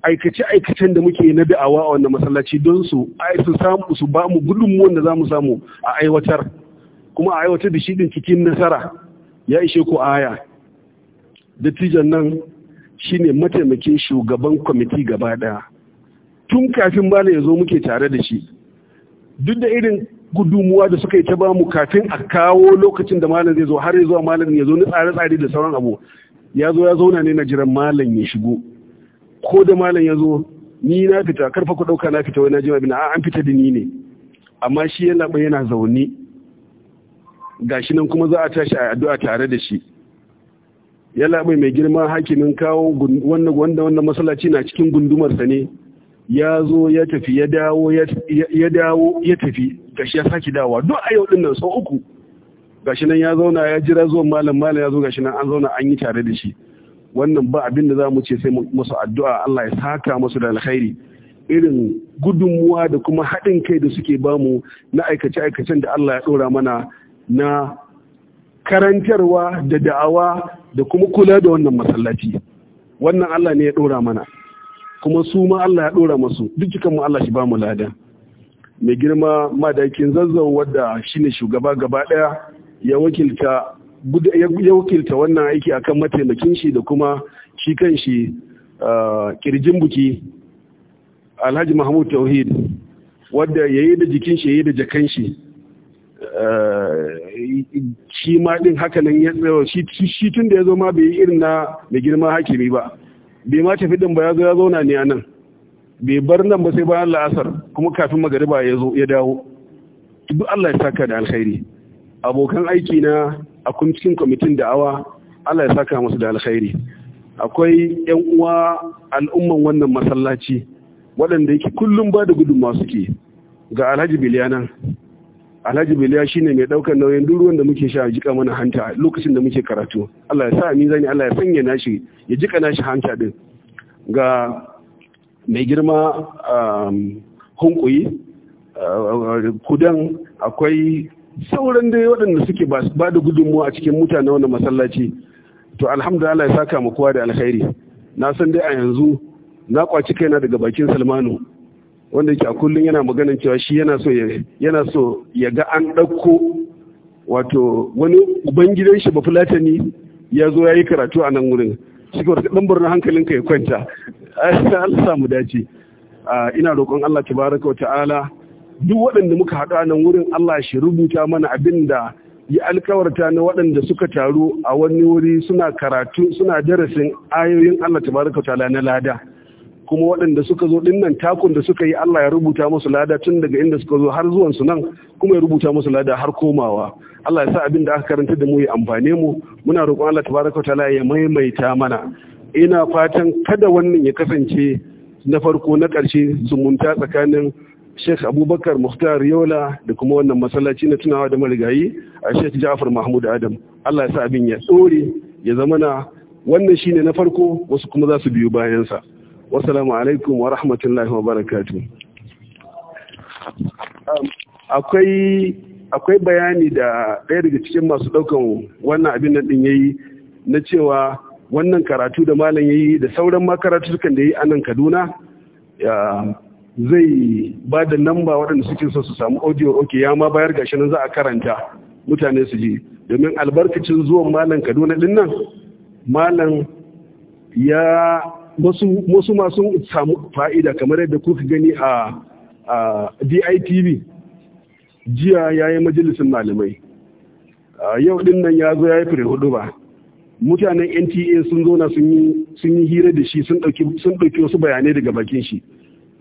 aikace-aikacen da muke na da'awa a wannan masallaci don su su samu su ba mu gudunmu wanda za mu samu a aiwatar kuma a aiwatar da shi din cikin nasara ya ishe ku aya dattijan nan shi ne mataimakin shugaban kwamiti gaba daya tun kafin malam ya zo muke tare da shi duk da irin gudunmuwa da suka yi ta bamu kafin a kawo lokacin da malam zai zo har ya zuwa malam ya zo na tsare-tsare da sauran abu ya zo ya zauna ne na jiran malam ya shigo ko da malam ya zo ni na fita karfa ku dauka na fita wani jima bin an fita da ni ne amma shi yana yana zaune gashi nan kuma za a tashi a addu'a tare da shi ya labai mai girma hakimin kawo wanda wanda wannan masallaci na cikin gundumar sa ne ya zo ya tafi ya dawo ya dawo ya tafi gashi ya saki dawa duk a yau din nan sau uku gashi nan ya zauna ya jira zuwan malam malam ya zo gashi nan an zauna an yi tare da shi wannan ba abin da za mu ce sai musu addu'a Allah ya saka musu da alkhairi irin gudunmuwa da kuma haɗin kai da suke bamu na aikace-aikacen da Allah ya ɗora mana na karantarwa da da'awa da kuma kula da wannan masallaci wannan Allah ne ya ɗora mana kuma su ma Allah ya ɗora masu dukkan mu Allah shi ba mu lada mai girma madakin zazzau wadda shine shugaba gaba ɗaya ya wakilta ya wakilta wannan aiki akan mataimakin shi da kuma shi kan shi ah, kirjin buki alhaji mahmud tauhid wadda yayi da jikin shi ya da jakan shi Eh, shi ma din haka nan ya tsawo shi tun da ya zo ma bai yi irin na mai girma hakimi ba bai ma tafi din ba ya zo ya zauna ne a bai bar nan ba sai bayan la'asar kuma kafin magariba ya zo ya dawo duk Allah ya saka da alkhairi abokan aiki na a cikin kwamitin da'awa Allah ya saka masu da alkhairi akwai yan uwa al'umman wannan masallaci waɗanda yake kullum ba da gudunmawa suke ga Alhaji Bilyanan alhaji shi shine mai daukar nauyin duk ruwan da muke sha jika mana hanta lokacin da muke karatu Allah ya sa mizani Allah ya sanya nashi ya jika nashi hanta din ga mai girma um, hunkuyi uh, kudan akwai sauran dai waɗanda suke ba da gudunmuwa a cikin mutane wannan masallaci to alhamdulillah ya saka mu kowa da alkhairi na san dai a yanzu na kwaci kaina daga bakin salmanu wanda yake a kullum yana maganin cewa shi yana so yana so ya ga an ɗauko wato wani ubangidan shi ba fulatani ya zo ya yi karatu a nan wurin shi ka na barna hankalinka ya kwanta Allah samu dace ina roƙon Allah tabaraka wa ta'ala duk waɗanda muka haɗu a nan wurin Allah shi rubuta mana abin da ya alkawarta na waɗanda suka taru a wani wuri suna karatu suna darasin ayoyin Allah tabaraka wa ta'ala na lada kuma waɗanda suka zo ɗin nan takun da suka yi Allah ya rubuta musu lada tun daga inda suka zo har zuwan su nan kuma ya rubuta musu lada har komawa Allah ya sa abin da aka karanta da mu ya amfane mu muna roƙon Allah tabaraka ta'ala ya maimaita mana ina fatan kada wannan ya kasance na farko na ƙarshe zumunta tsakanin Sheikh Abubakar Muhtar Yola da kuma wannan masallaci na tunawa da marigayi a Sheikh Ja'far Mahmud Adam. Allah ya sa abin ya tsore ya zama na wannan shine na farko wasu kuma za su biyo bayansa. wasalamu alaikum wa rahmatullahi wa barakatu um, akwai bayani da ɗaya daga cikin masu ɗaukan wannan abin nan ɗin yayi na cewa wannan karatu da malam yayi da sauran makaratu sukan da yi a nan kaduna zai ba da lamba waɗanda suke so su samu audio ok ya ma bayar gashi nan za a karanta mutane su ji domin albarkacin zuwan malam kaduna ɗin nan malam ya wasu masu samu fa'ida kamar yadda kuka gani a DITV jiya ya yi majalisun malamai yau din nan ya zo ya yi fure hudu ba mutanen nta sun zo na sun yi hira da shi sun ɗauki wasu bayanai daga bakin shi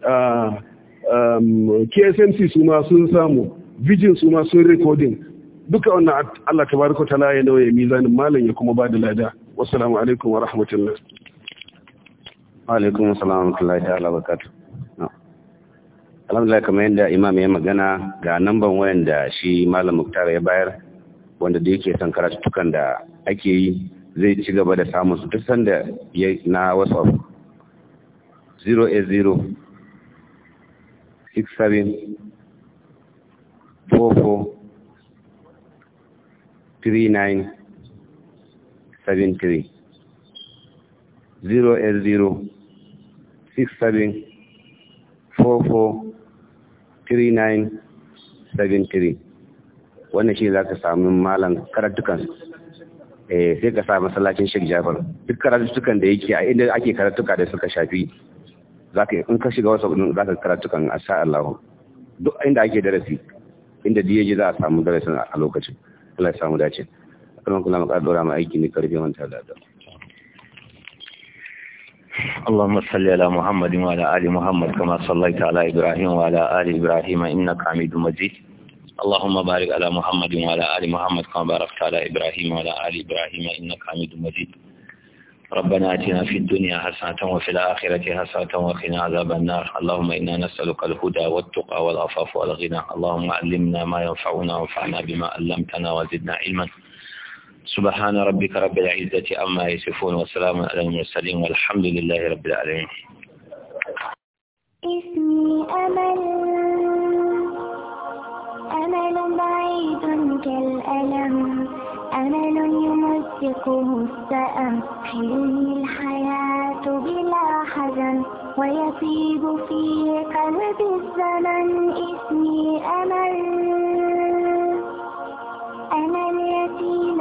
um, ksmc su ma sun samu vigil su ma sun recording duka wannan allah tabaraka ta ya nauye mizanin malam ya kuma ba da lada wasu alaikum wa rahmatullahi alaikun salamun kula ta alabakatu alhamdulillah kamar yadda imam ya magana ga namban wayan da shi malam muktar ya bayar wanda da yake son karatuttukan da ake yi zai ci gaba da samun su duk sanda ya na whatsapp 080 080 three, wannan shi za ka samu malam karatukan eh sai ka sami masallacin Sheikh Jafar duk karatukan da yake a inda ake karatuka da suka shafi za yi, in ka shiga wasu za ka karatukan insha Allah duk inda ake darasi inda diyaji za a samu darasin a lokacin Allah ya samu dace kuma kula mu ka dora mu aiki ne karfi wanta da Allah اللهم صل على محمد وعلى آل محمد كما صليت على إبراهيم وعلى آل إبراهيم إنك حميد مجيد اللهم بارك على محمد وعلى آل محمد كما باركت على إبراهيم وعلى آل إبراهيم إنك حميد مجيد ربنا آتنا في الدنيا حسنة وفي الآخرة حسنة وقنا عذاب النار اللهم إنا نسألك الهدى والتقى والعفاف والغنى اللهم علمنا ما ينفعنا وانفعنا بما علمتنا وزدنا علما سبحان ربك رب العزة أما يصفون وسلام على المرسلين والحمد لله رب العالمين اسمي أمل أمل بعيد كالألم أمل يمزقه السأم حلمي الحياة بلا حزن ويصيب في قلب الزمن اسمي أمل أمل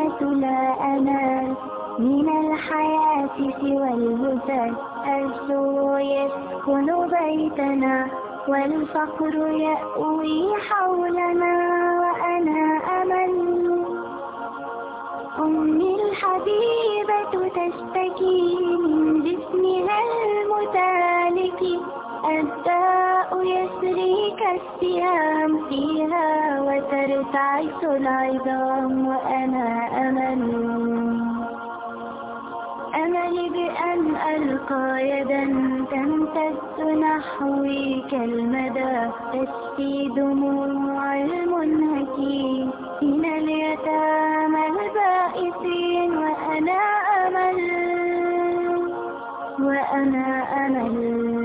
الناس ما أنال من الحياة سوى الهتال الزور يسكن بيتنا والفقر يأوي حولنا وأنا أمل أمي الحبيبة تشتكي من جسمها المتالك الداء يسري كالسهام فيها وترتعش العظام وأنا أمل أملي بأن ألقى يدا تمتد نحوي كالمدى تشفي دموع المنهكين من اليتامى البائسين وأنا أمل وأنا أمل